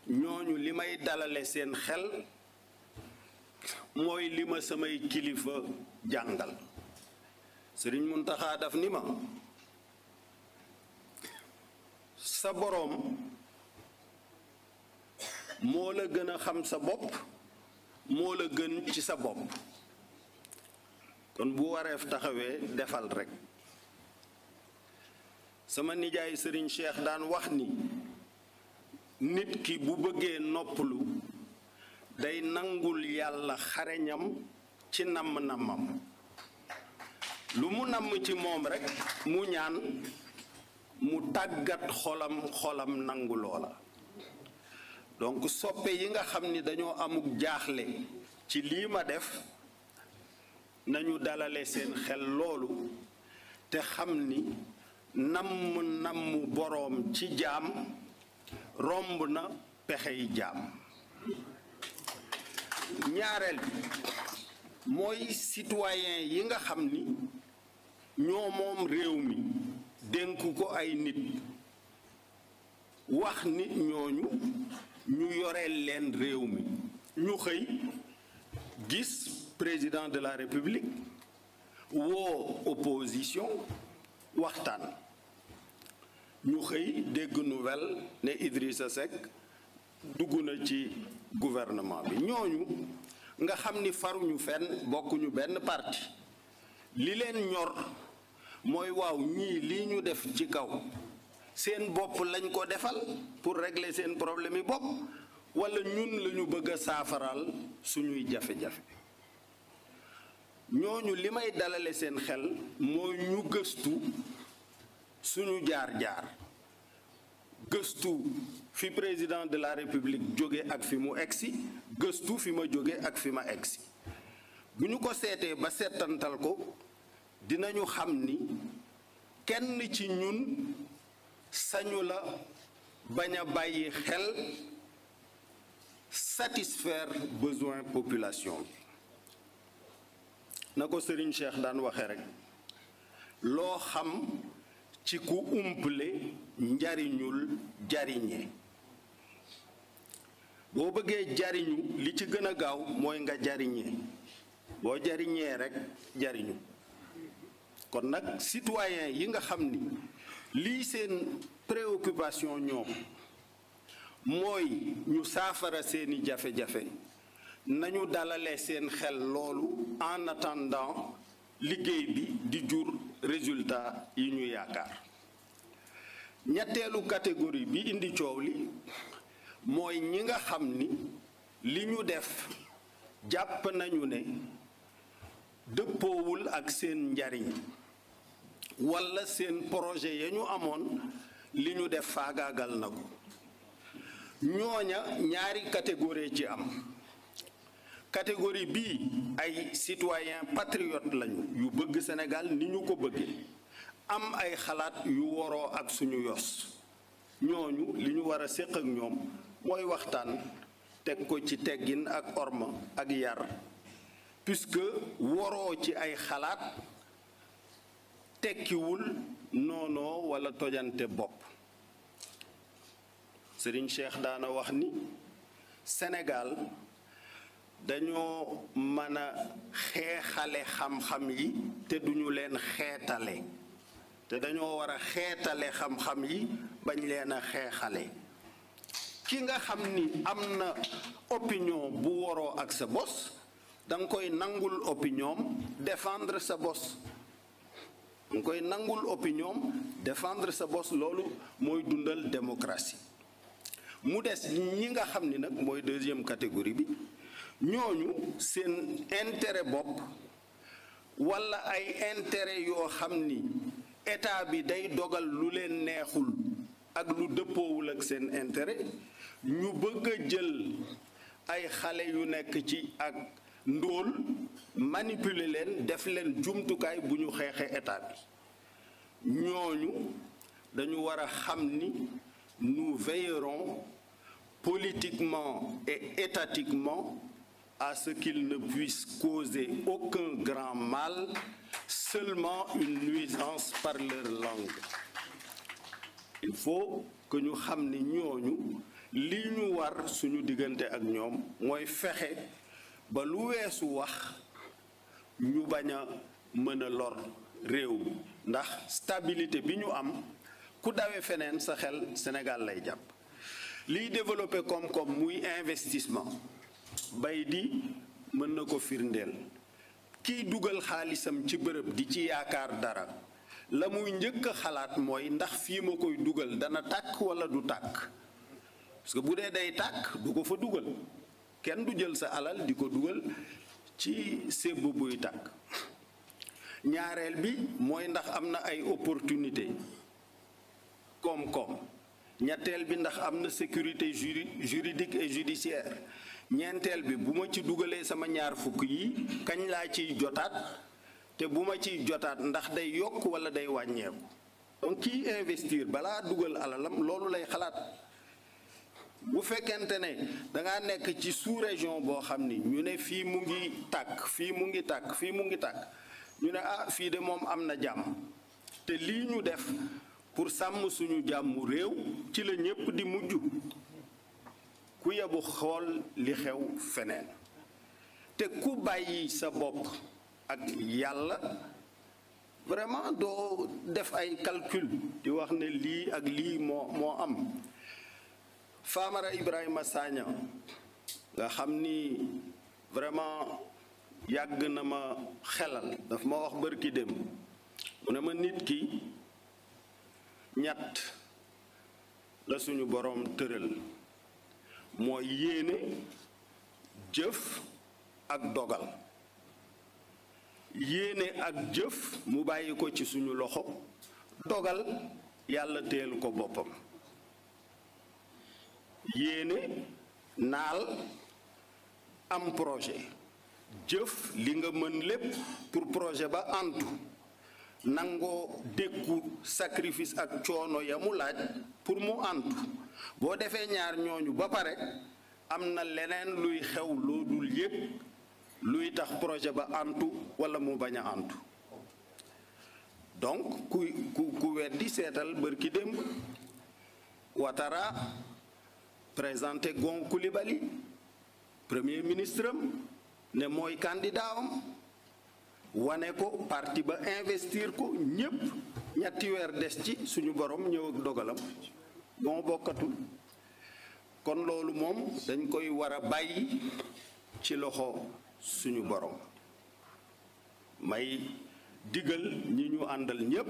Speaker 4: ñooñu li may dalale seen xel mooy li ma samay kilifa jàngal sëriñ taxaa daf ni ma sa boroom moo la gën a xam sa bopp moo la gën ci sa bopp kon bu wareef taxawee defal rekk sama nijaay sëriñ Cheikh daan wax ni nit ki bu bëggee noppalu day nangul yàlla xareñam ci namm nammam lu mu namm ci moom rekk mu ñaan mu tàggat xolam xolam nangu loola donc soppe yi nga xam ni dañoo amuk jaaxle ci lii ma def nañu dalale seen xel loolu te xam ni namm namm boroom ci jaam romb na pexey jaam ñaareel bi mooy citoyen yi nga xam ni ñoo moom réew mi dénk ko ay nit wax nit ñooñu ñu yoreel leen réew mi ñu xëy gis président de la république
Speaker 2: woo
Speaker 4: opposition waxtaan ñu xëy dégg nouvelle ne Idrissa Seck dugg na ci gouvernement bi ñooñu nga xam ni faruñu fenn bokkuñu benn parti li leen ñor mooy waaw ñii lii ñu def ci kaw seen bopp lañ ko defal pour régler seen problème yi bopp wala ñun lañu bëgg a saafaraal suñuy jafe-jafe ñooñu li may dalale seen xel mooy ñu gëstu suñu jaar-jaar gëstu fi président de la république jóge ak fi mu egsi gëstu fi ma jóge ak fi ma egsi bu ñu ko seetee ba seetantal ko dinañu xam ni kenn ci ñun sañu la bañ a bàyyi xel satisfaire besoin population na ko Serigne Cheikh daan waxe rek loo xam ci ku umple njariñul jariñe boo bëggee jariñu li ci gën a gaaw mooy nga jariñe boo jariñee rek jariñu kon nag citoyen yi nga xam ni lii seen préoccupation ñoom mooy ñu saafara seeni jafe-jafe nañu dalale seen xel loolu en attendant liggéey bi di jur résultat yi ñu yaakaar ñetteelu catégorie bi indi coow li mooy ñi nga xam ni li ñu def jàpp nañu ne dëppoowul ak seen njariñ walla seen projet ya ñu amoon li ñu def faagaagal na ko ñooña ñaari catégorie ci am catégorie bii ay citoyen patriot lañu yu bëgg Sénégal ni ñu ko bëggee am ay xalaat yu woroo ak suñu yos ñooñu li ñu war a séq ak ñoom mooy waxtaan teg ko ci teggin ak orma ak yar puisque woroo ci ay xalaat tekkiwul noonoo wala tojante bopp Serigne Cheikh daana wax ni Sénégal dañoo mën a xeexale xam-xam yi te duñu leen xeetale te dañoo war a xeetale xam-xam yi bañ leen a xeexale ki nga xam ni am na opinion bu waroo ak sa bos danga koy nangul opinion défendre sa bos koy nangul opinion défendre sa bos loolu mooy dundal démocratie mu des ñi nga xam ni nag mooy deuxième catégorie bi ñooñu seen intérêt bopp walla ay intérêt yoo xam ni état bi day dogal lu leen neexul ak lu dëppoowul ak seen intérêt ñu bëgg a jël ay xale yu nekk ci ak ndóol manipuler leen def leen jumtukaay bu ñu xeexee état bi ñooñu dañu war a xam ni nous veillerons politiquement et étatiquement à ce qu'il ne puisse causer aucun grand mal, seulement une nuisance par leur langue. Il faut que ñu xam ni ñooñu li ñu war suñu diggante ak ñoom mooy fexe ba lu weesu wax ñu bañ a mën a lor réew ndax stabilité bi ñu am ku dawee feneen sa xel Sénégal lay jàpp liy développé koom-koom muy investissement bay di mën na ko firndeel kiy dugal xaalisam ci bërëb di ci yaakaar dara la muy njëkk a xalaat mooy ndax fii ma koy dugal dana tàkk wala du tàkk parce que bu dee day tàkk du ko fa dugal kenn du jël sa alal di ko dugal ci sébb buy tàkk ñaareel bi mooy ndax am na ay opportunité koom-koom ñetteel bi ndax am na sécurité juridique et judiciaire ñeenteel bi bu ma ci dugalee sama ñaar fukk yi kañ laa ciy jotaat te bu ma ciy jotaat ndax day yokk wala day wàññeeku donc kiy investir balaa dugal alalam loolu lay xalaat bu fekkente ne dangaa nekk ci sous région boo xam ni ñu ne fii mu ngi tàkk fii mu ngi tàkk fii mu ngi tàkk ñu ne ah fii de moom am na jàmm te lii ñu def pour sàmm suñu jàmmu réew ci la ñépp di mujj ku yebu xool li xew feneen te ku bàyyi sa bopp ak yàlla vraiment doo def ay calcul di wax ne lii ak lii moo moo am Famara Ibrahima saaña nga xam ni vraiment yàgg na ma xelal daf ma wax bër ki dem mu ne ma nit ki ñett la suñu boroom tëral mooy yéene jëf ak dogal yéene ak jëf mu bàyyi ko ci suñu loxo dogal yàlla téelu ko boppam yéene naal am projet jëf li nga mën lépp pour projet ba antu nangoo dékku sacrifice ak coono ya mu laaj pour mu antu boo defee ñaar ñooñu ba pare am na leneen luy xew loo dul yépp luy tax projet ba antu wala mu bañ a antu donc ku ku ku weddi seetal bërki démb Ouattara présenté Gon Coulibaly premier ministre ne mooy candidat wane ko parti ba investir ko ñépp ñetti weer des ci suñu borom ñëw ak dogalam moo bokkatul kon loolu moom dañ koy war a bàyyi ci loxo suñu borom may digal ñi ñu àndal ñépp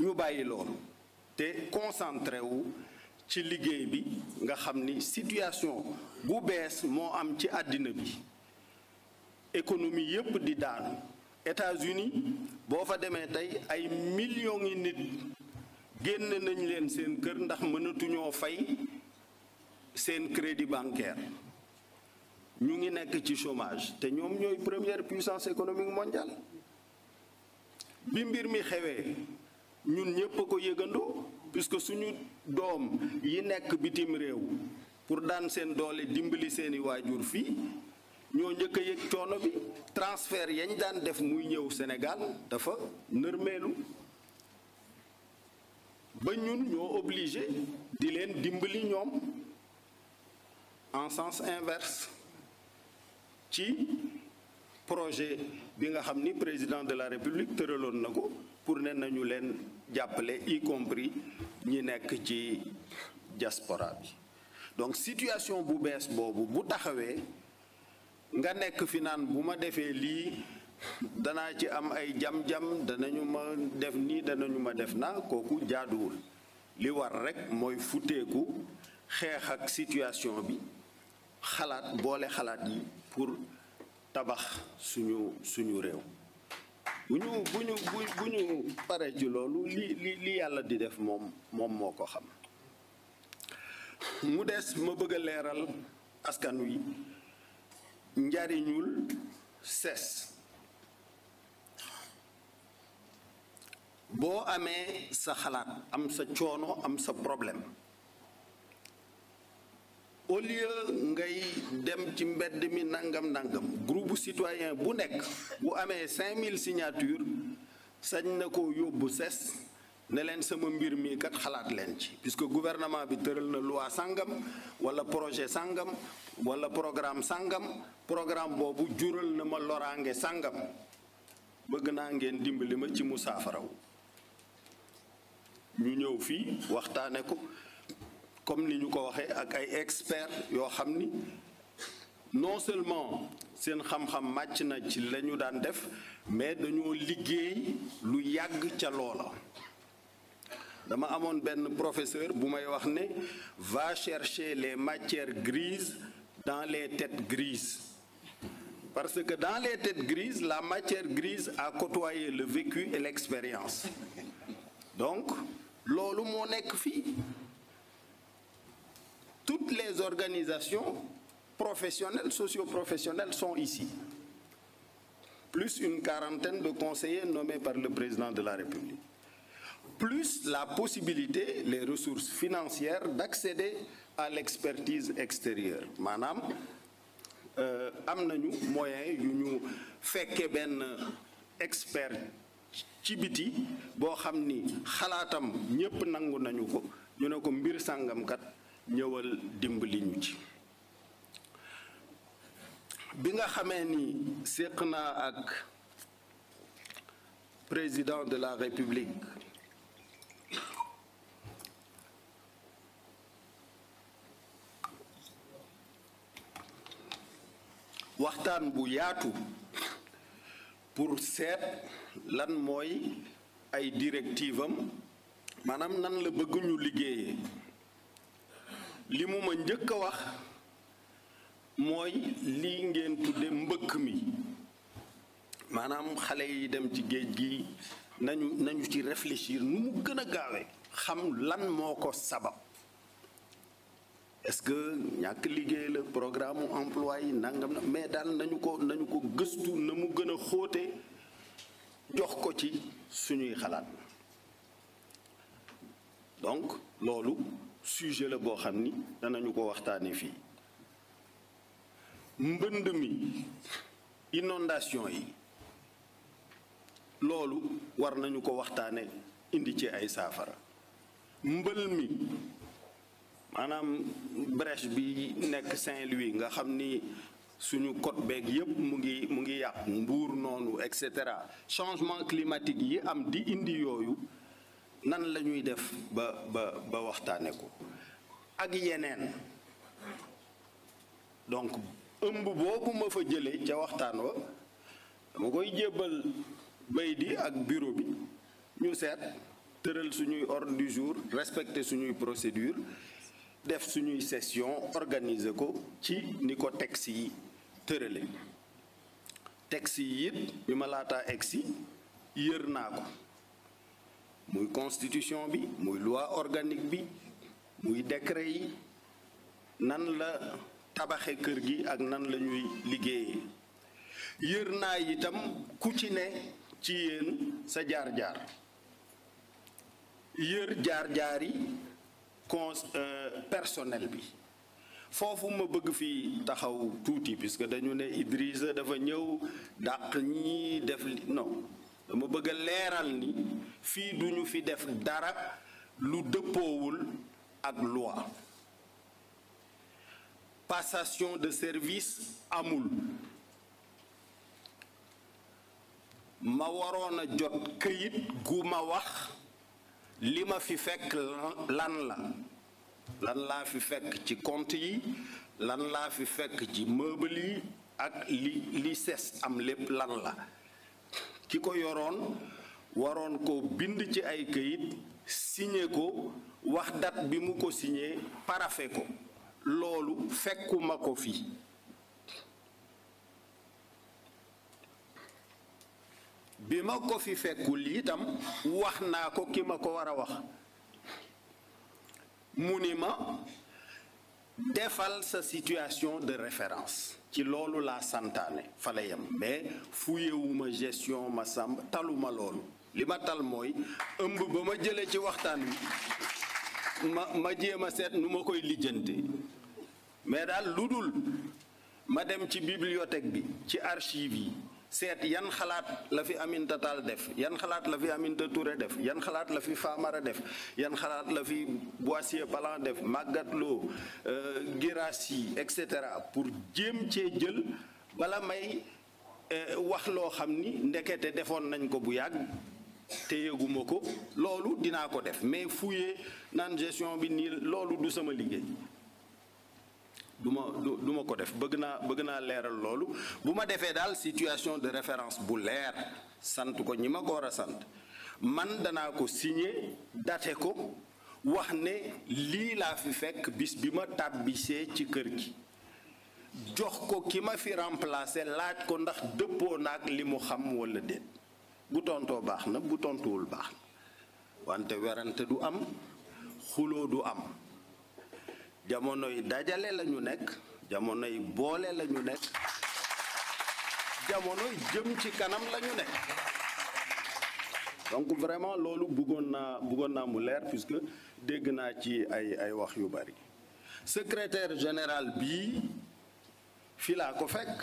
Speaker 4: ñu bàyyi loolu te concentré wu ci liggéey bi nga xam ni situation bu bees moo am ci àddina bi économie yépp di daanu États-Unis boo fa demee tey ay million yi nit génn nañ leen seen kër ndax mënatuñoo fay seen crédit bancaire ñu ngi nekk ci chômage te ñoom ñooy première puissance économique mondiale bi mbir mi xewee ñun ñépp a ko yëgandoo puisque suñu doom yi nekk bitim réew pour daan seen doole dimbali seeni waajur fii ñoo njëkk a yëg coono bi transfert yañ daan def muy ñëw senegal dafa nërmeelu ba ñun ñoo obligé di leen dimbali ñoom en sens inverse ci projet bi nga xam ni président de la république tëraloon na ko pour ne nañu leen jàppale y compris ñi nekk ci diaspora bi donc situation bu bees boobu bu taxawee nga nekk fi bu ma defee lii danaa ci am ay jam-jam danañu ma def nii danañu ma def naa kooku jaaduwul li war rekk mooy futeeku xeex ak situation bi xalaat boole xalaat yi pour tabax suñu suñu réew bu ñu bu ñu pare ci loolu li li li yàlla di def moom moo ko xam mu des ma bëgg a leeral askan wi njariñul sees boo amee sa xalaat am sa coono am sa problème au lieu ngay dem ci mbedd mi nangam nangam groupe citoyen bu nekk bu amee 5000 signatures sañ na ko yóbbu ses ne leen sama mbir mii kat xalaat leen ci puisque gouvernement bi tëral na loi sàngam wala projet sàngam wala programme sàngam programme boobu jural na ma loraange sàngam bëgg naa ngeen dimbali ma ci mu saafaraw ñu ñëw fii waxtaane ko comme ni ñu ko waxee ak ay expert yoo xam ni non seulement seen xam-xam màcc na ci lañu daan def mais dañoo liggéey lu yàgg ca loola dama amoon benn professeur bu may wax ne va chercher les matières grises dans les têtes grises parce que dans les têtes grises la matière grise a côtoyé le vécu et l'expérience donc loolu moo nekk fii toutes les organisations professionnelles socio-professionnelles sont ici plus une quarantaine de conseillers nommés par le président de la République plus la possibilité les ressources financières d'accéder à l'expertise extérieure maanaam euh, am nañu moyen yu ñu fekke benn expert ci biti boo xam ni xalaatam ñépp nangu nañu ko ñu ne ko mbir sàngamkat ñëwal dimbali ñu ci bi nga xamee ni séq naa ak président de la république waxtaan bu yaatu pour seet lan mooy ay directive am maanaam nan la bëgguñu ñu liggéeyee li mu ma njëkk a wax mooy lii ngeen tudde mbëkk mi maanaam xale yi dem ci géej gi nañu nañu ci réfléchir nu mu gën a gaawe xam lan moo ko sabab est-ce que ñàkk liggéey la programme mu emploi yi nangam na mais daal nañu ko nañu ko gëstu na mu gën a xóote jox ko ci suñuy xalaat donc loolu sujet la boo xam ni danañu ko waxtaane fii mbënd mi inondation yi loolu war nañu ko waxtaane indi ci ay saafara mbël mi maanaam brèche bi nekk Saint-Louis nga xam ni suñu côte beeg yëpp mu ngi mu ngi yàqu mbuur noonu et cetera changement climatique yi am di indi yooyu nan la ñuy def ba ba ba waxtaane ko ak yeneen donc ëmb boobu ma fa jëlee ca waxtaan wa dama koy jébbal bay di ak bureau bi ñu seet tëral suñuy ordre du jour respecter suñuy procédure def suñuy session organiser ko ci ni ko texte yi tërale texte yi it bi ma laataa egsi yër naa ko muy constitution bi muy loi organique bi muy décret yi nan la tabaxe kër gi ak nan lañuy ñuy liggéeyee yër naa itam ku ci ne ci yéen sa jaar-jaar yër jaar-jaar con euh, personnel bi foofu ma bëgg fi taxaw tuuti puisque dañu ne Idrissa dafa ñëw dàq ñi def li dama bëgg leeral ni fii duñu fi def dara lu dëppoowul ak loi passation de service amul ma waroon a jot këyit gu ma wax li ma fi fekk lan la lan laa fi fekk ci compte yi lan laa fi fekk ci meuble yi ak li li ses am lépp lan la ki ko yoroon waroon ko bind ci ay këyit signé ko wax date bi mu ko siñee parafe ko loolu fekkuma ko fii bi ma ko fi fekkul itam wax naa ko ki ma ko war a wax mu ni ma defal sa situation de référence ci loolu laa santaane fa la mais fuyewuma gestion ma sàmb taluma loolu li ma tal mooy ëmb ba ma jële ci waxtaan wi ma ma jéem a seet nu ma koy lijjante mais daal lu dul ma dem ci bibliothèque bi ci archive yi seet yan xalaat la fi Aminata Tall def yan xalaat la fi Aminata Touré def yan xalaat la fi Famara def yan xalaat la fi Boissier Palan def Magatte Lô euh, Guirassy et cetera pour jéem cee jël bala may euh, wax loo xam ni ndekkete defoon nañ ko bu yàgg te yëguma ko loolu dinaa ko def mais fouiller naan gestion bi nii loolu du sama liggéey du ma du ma ko def bëgg naa bëgg naa leeral loolu bu ma defee daal situation de référence bu leer sant ko ñi ma ko war a sant man danaa ko signé date ko wax ne lii laa fi fekk bis bi ma tàbbisee ci kër gi jox ko ki ma fi remplacé laaj ko ndax dëppoo naag li mu xam wala déet bu tontoo baax na bu tontuwul baax na wante werante du am xuloo du am jamono yi dajale la ñu nekk jamono yi boole lañu ñu nekk jamono jëm ci kanam lañu ñu nekk donc vraiment loolu bëggoon naa bëggoon naa mu leer puisque dégg naa ci ay ay wax yu bari secretaire général bii fii laa ko fekk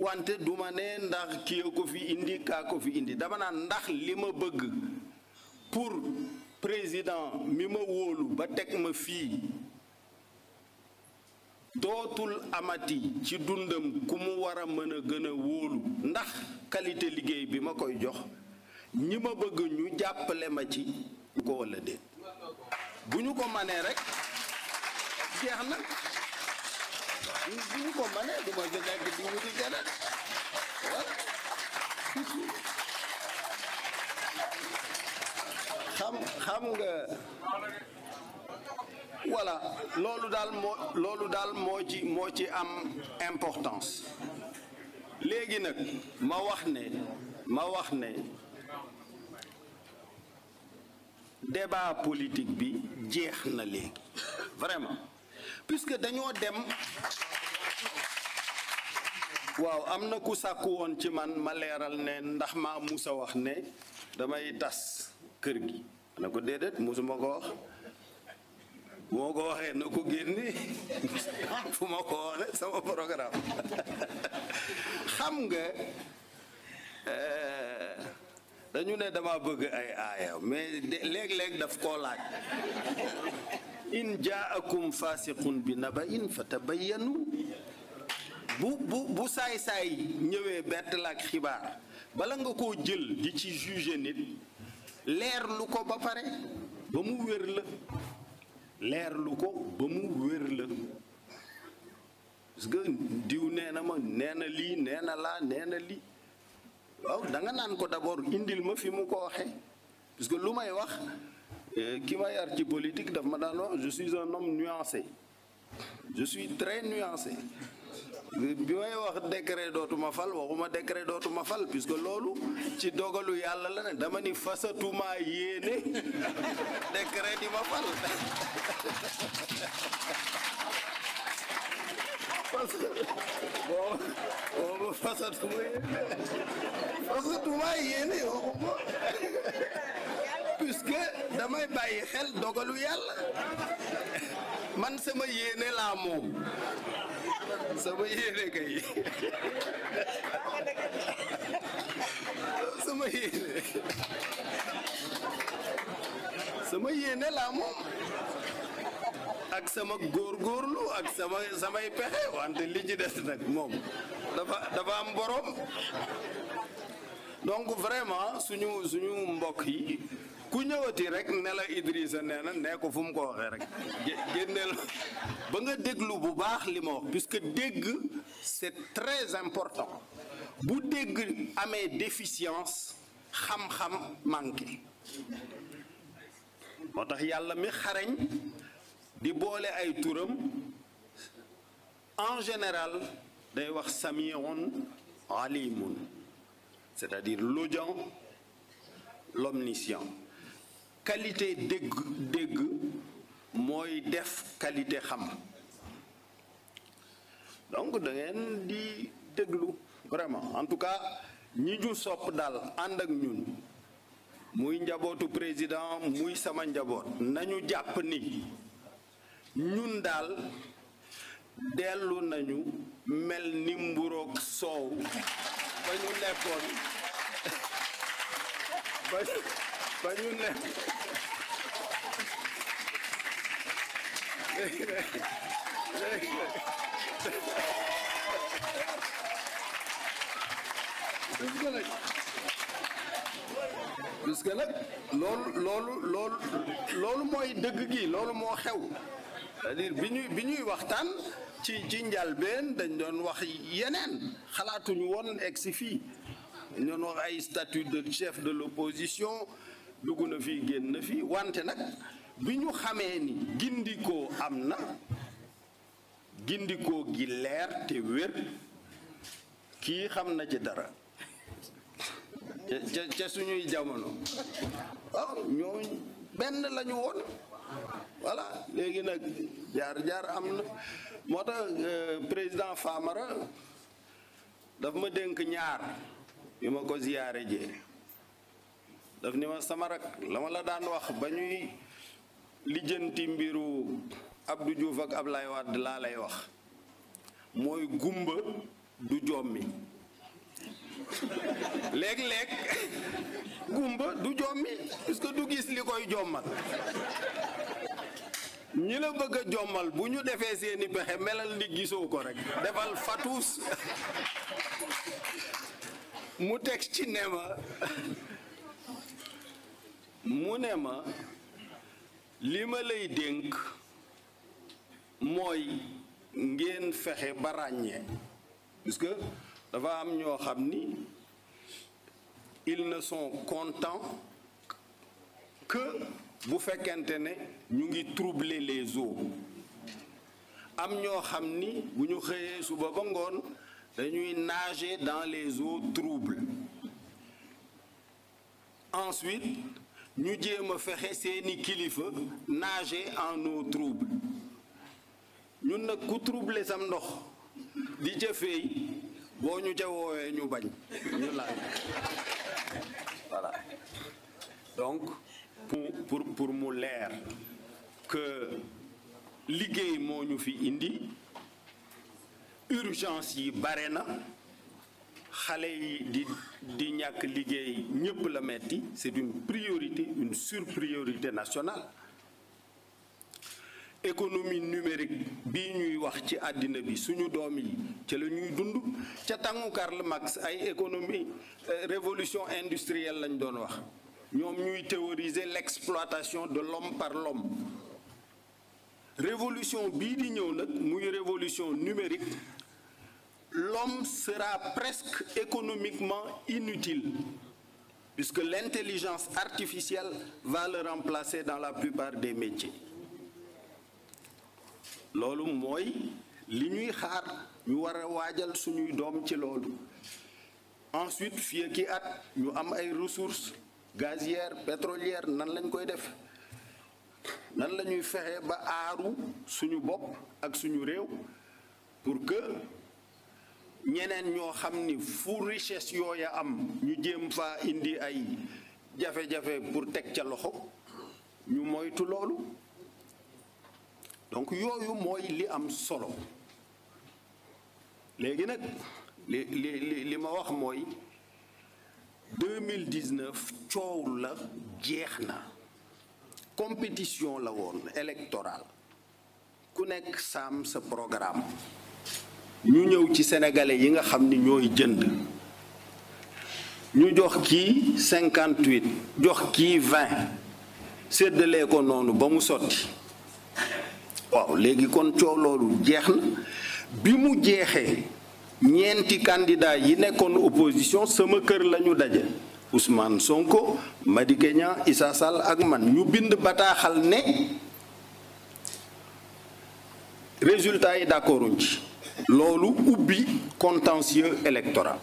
Speaker 4: wante du ma ne ndax kii ko fi indi kaa ko fi indi dama naan ndax li ma bëgg pour président mi ma wóolu ba teg ma fii dootul amati ci dundam ku mu war a mën a gën a wóolu ndax qualité liggéey bi ma koy jox ñi ma bëgg ñu jàppale ma ci ko walla déet bu ñu ko manee rekk jeex na bu ñu ko manee du ma fi nekk di wuti xam nga voilà loolu daal moo loolu daal moo ci moo ci am importance léegi nag ma wax ne ma wax ne débat politique bi jeex na léegi vraiment puisque dañoo dem waaw am na ku sàkku woon ci man ma leeral ne ndax maa musa wax ne damay tas kër gi na ko déedéet musuma ko wax moo ko waxee na ko génne fu ma ko woone sama programme xam nga eh, dañu ne dama bëgg ay aaya mais léeg-léeg daf koo laaj in jaakum fasiqun bi nabain fatabayyanu bu bu bu saay-saay ñëwee bett la ak xibaar bala nga koo jël di ci juger nit leerlu ko ba pare ba mu wér la leerlu ko ba mu wér la parce que diw nee na ma nee na lii nee na laa nee na lii waaw danga naan ko d'abord indil ma fi mu ko waxee parce que lu may wax euh, ki ma yar ci politique daf ma daan wax je suis un homme nuancé je suis très nuancé bi may wax décret dootuma fal waxuma décret dootuma fal puisque loolu ci dogalu yàlla la ne dama ni fasatuma yéene décret di ma fal parce fasatuma yéene waxuma puisque damay bàyyi xel dogalu yàlla man sama yéene laa moom sama yéene kay
Speaker 2: sama yéene
Speaker 4: sama yéene laa moom ak sama góorgóorlu ak samay pexe wante li ci des nag moom dafa dafa am borom donc vraiment suñu suñu mbokk yi ku ñëwati rek ne la Idrissa nee na nee ko fu mu ko waxee rek génneel ba nga déglu bu baax li ma puisque dégg c'est très important bu dégg amee déficience xam-xam manqué moo tax yàlla mi xarañ di boole ay turam en général day wax samiun alimun c'est-à-dire l'audient l'omniscient qualité dégg dégg mooy def qualité xam donc da ngeen di déglu vraiment en tout cas ñi ñu sopp daal ànd ak ñun muy njabootu président muy sama njaboot nañu jàpp ni ñun daal dellu nañu mel ni mburoog soow ba ñu nekkoon ba ñu ne léegi léegi puisque loolu loolu loolu mooy dëgg gi loolu moo xew c'est-à-dire bi ñuy bi ñuy waxtaan ci ci njalbeen dañ doon wax yeneen xalaatuñu woon egg si fii dañ wax ay statut de chef de l'opposition dugg na fii génn na fii wante nag bi ñu xamee ni gindikoo am na gindikoo gi leer te wér kii xam na ci dara ca suñuy jamono waaw oh, ñoo benn lañu woon voilà léegi nag jaar-jaar am na moo tax euh, président Famara dafa ma dénk ñaar yu ma ko ziyaare jee daf ni ma sama rak la ma la daan wax ba ñuy lijjanti mbiru ab du Diouf ak Ablaye Wade laa lay wax mooy gumba du jommi léeg-léeg gumba du jommi puisque du gis li koy jommal ñi la bëgg a jommal bu ñu defee seeni pexe melal ni gisoo ko rek defal fatuus mu teg ci ne ma mu ne ma li ma lay dénk mooy ngeen fexe ba ràññee que dafa am ñoo xam ni ils ne son contents que bu fekkente ne ñu ngi troubler les eaux am ñoo xam ni bu ñu xëyee suba ba ngoon dañuy nager dans les eaux troubles ensuite ñu jéem a fexe seeni kilifa nager en eau trouble ñun nag ku trouble sam ndox di jëfeey boo ñu jawoowee ñu bañ ñu laaj voilà donc pour pour mu leer que liggéey moo ñu fi indi urgence yi bare na xale yi di ñàkk liggéey ñëpp la metti c'est une priorité une surpriorité nationale économie numérique bii ñuy wax ci àddina bi suñu doom yi ca la ñuy dund ca tàngu Karl Marx ay économie euh, révolution industrielle lañ doon wax ñoom ñuy théoriser l'exploitation de l'homme par l'homme révolution bii di ñëw nag muy révolution numérique l'homme sera presque économiquement inutile, puisque l'intelligence artificielle va le remplacer dans la plupart des métiers. loolu mooy li ñuy xaar ñu war a waajal suñuy doom ci loolu ensuite fii ki at ñu am ay ressources gazières pétrolières nan lañ koy def nan la ñuy fexe ba aaru suñu bopp ak suñu réew pour que ñeneen ñoo xam ni fu richesse yooya am ñu jéem faa indi ay jafe-jafe pour teg ca loxo ñu moytu loolu donc yooyu mooy li am solo léegi nag li li li ma wax mooy 2019 coow la jeex na compétition la woon électorale ku nekk saam sa programme ñu ñëw ci sénégalais yi nga xam ni ñooy jënd ñu jox kii 58 jox kii 20 séddalee ko noonu ba mu sotti waaw léegi kon cooloolu loolu jeex na bi mu jeexee ñeenti candidat yi nekkoon opposition sama kër lañu ñu daje Ousmane Sonko Madické Niang Issa Sall ak man ñu bind bataaxal ne résultat yi d'accorduñ ci loolu ubbi contentieux électoral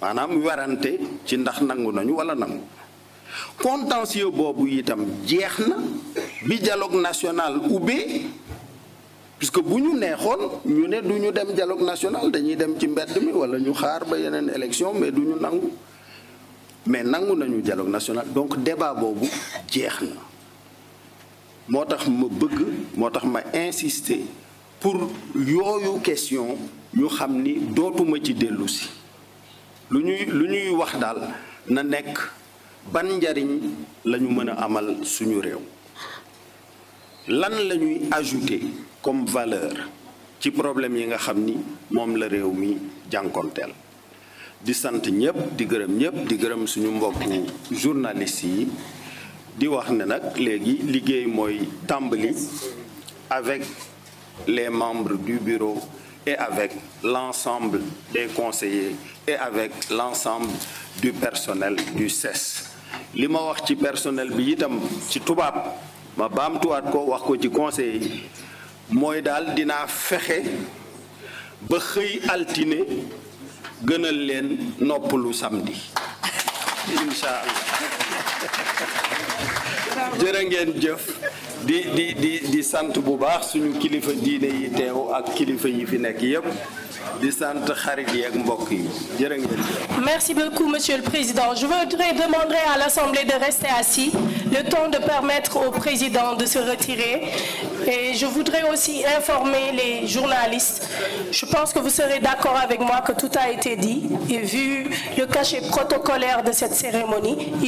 Speaker 4: maanaam werante ci ndax nangu nañu wala nangu contentieux boobu itam jeex na bi dialogue national ubbee puisque bu ñu neexoon ñu ne du ñu dem dialogue national dañuy dem ci mbedd mi wala ñu xaar ba yeneen élection mais du ñu nangu mais nangu nañu dialogue national donc débat boobu jeex na moo tax ma bëgg moo tax ma insister pour yooyu question ñu xam ni dootuma ci dellusi lu ñuy lu ñuy wax daal na nekk ban njariñ lañu mën a amal suñu réew lan la ñuy ajouter comme valeur ci problème yi nga xam ni moom la réew mi jànkonteel di sant ñëpp di gërëm ñëpp di gërëm suñu mbokku journaliste yi di wax ne nag léegi liggéey mooy tàmbali avec les membres du bureau et avec l'ensemble des conseillers et avec l'ensemble du personnel du CES. li ma wax ci personnel bi itam ci tubaab ma baamtuwaat ko wax ko ci conseil yi mooy daal dinaa fexe ba xëy altine gënal leen noppalu samedi incha allah jërë ngeen jëf di di di di sant bu baax suñu kilifa diine yi teew ak yi fi nekk yépp di yi ak mbokk yi jërë ngeen jëf.
Speaker 1: Merci Monsieur le Président. Je voudrais demander à l'Assemblée de rester assis le temps de permettre au Président de se retirer. Et je voudrais aussi informer les journalistes. Je pense que vous serez d'accord avec moi que tout a été dit et vu le cachet protocolaire de cette cérémonie.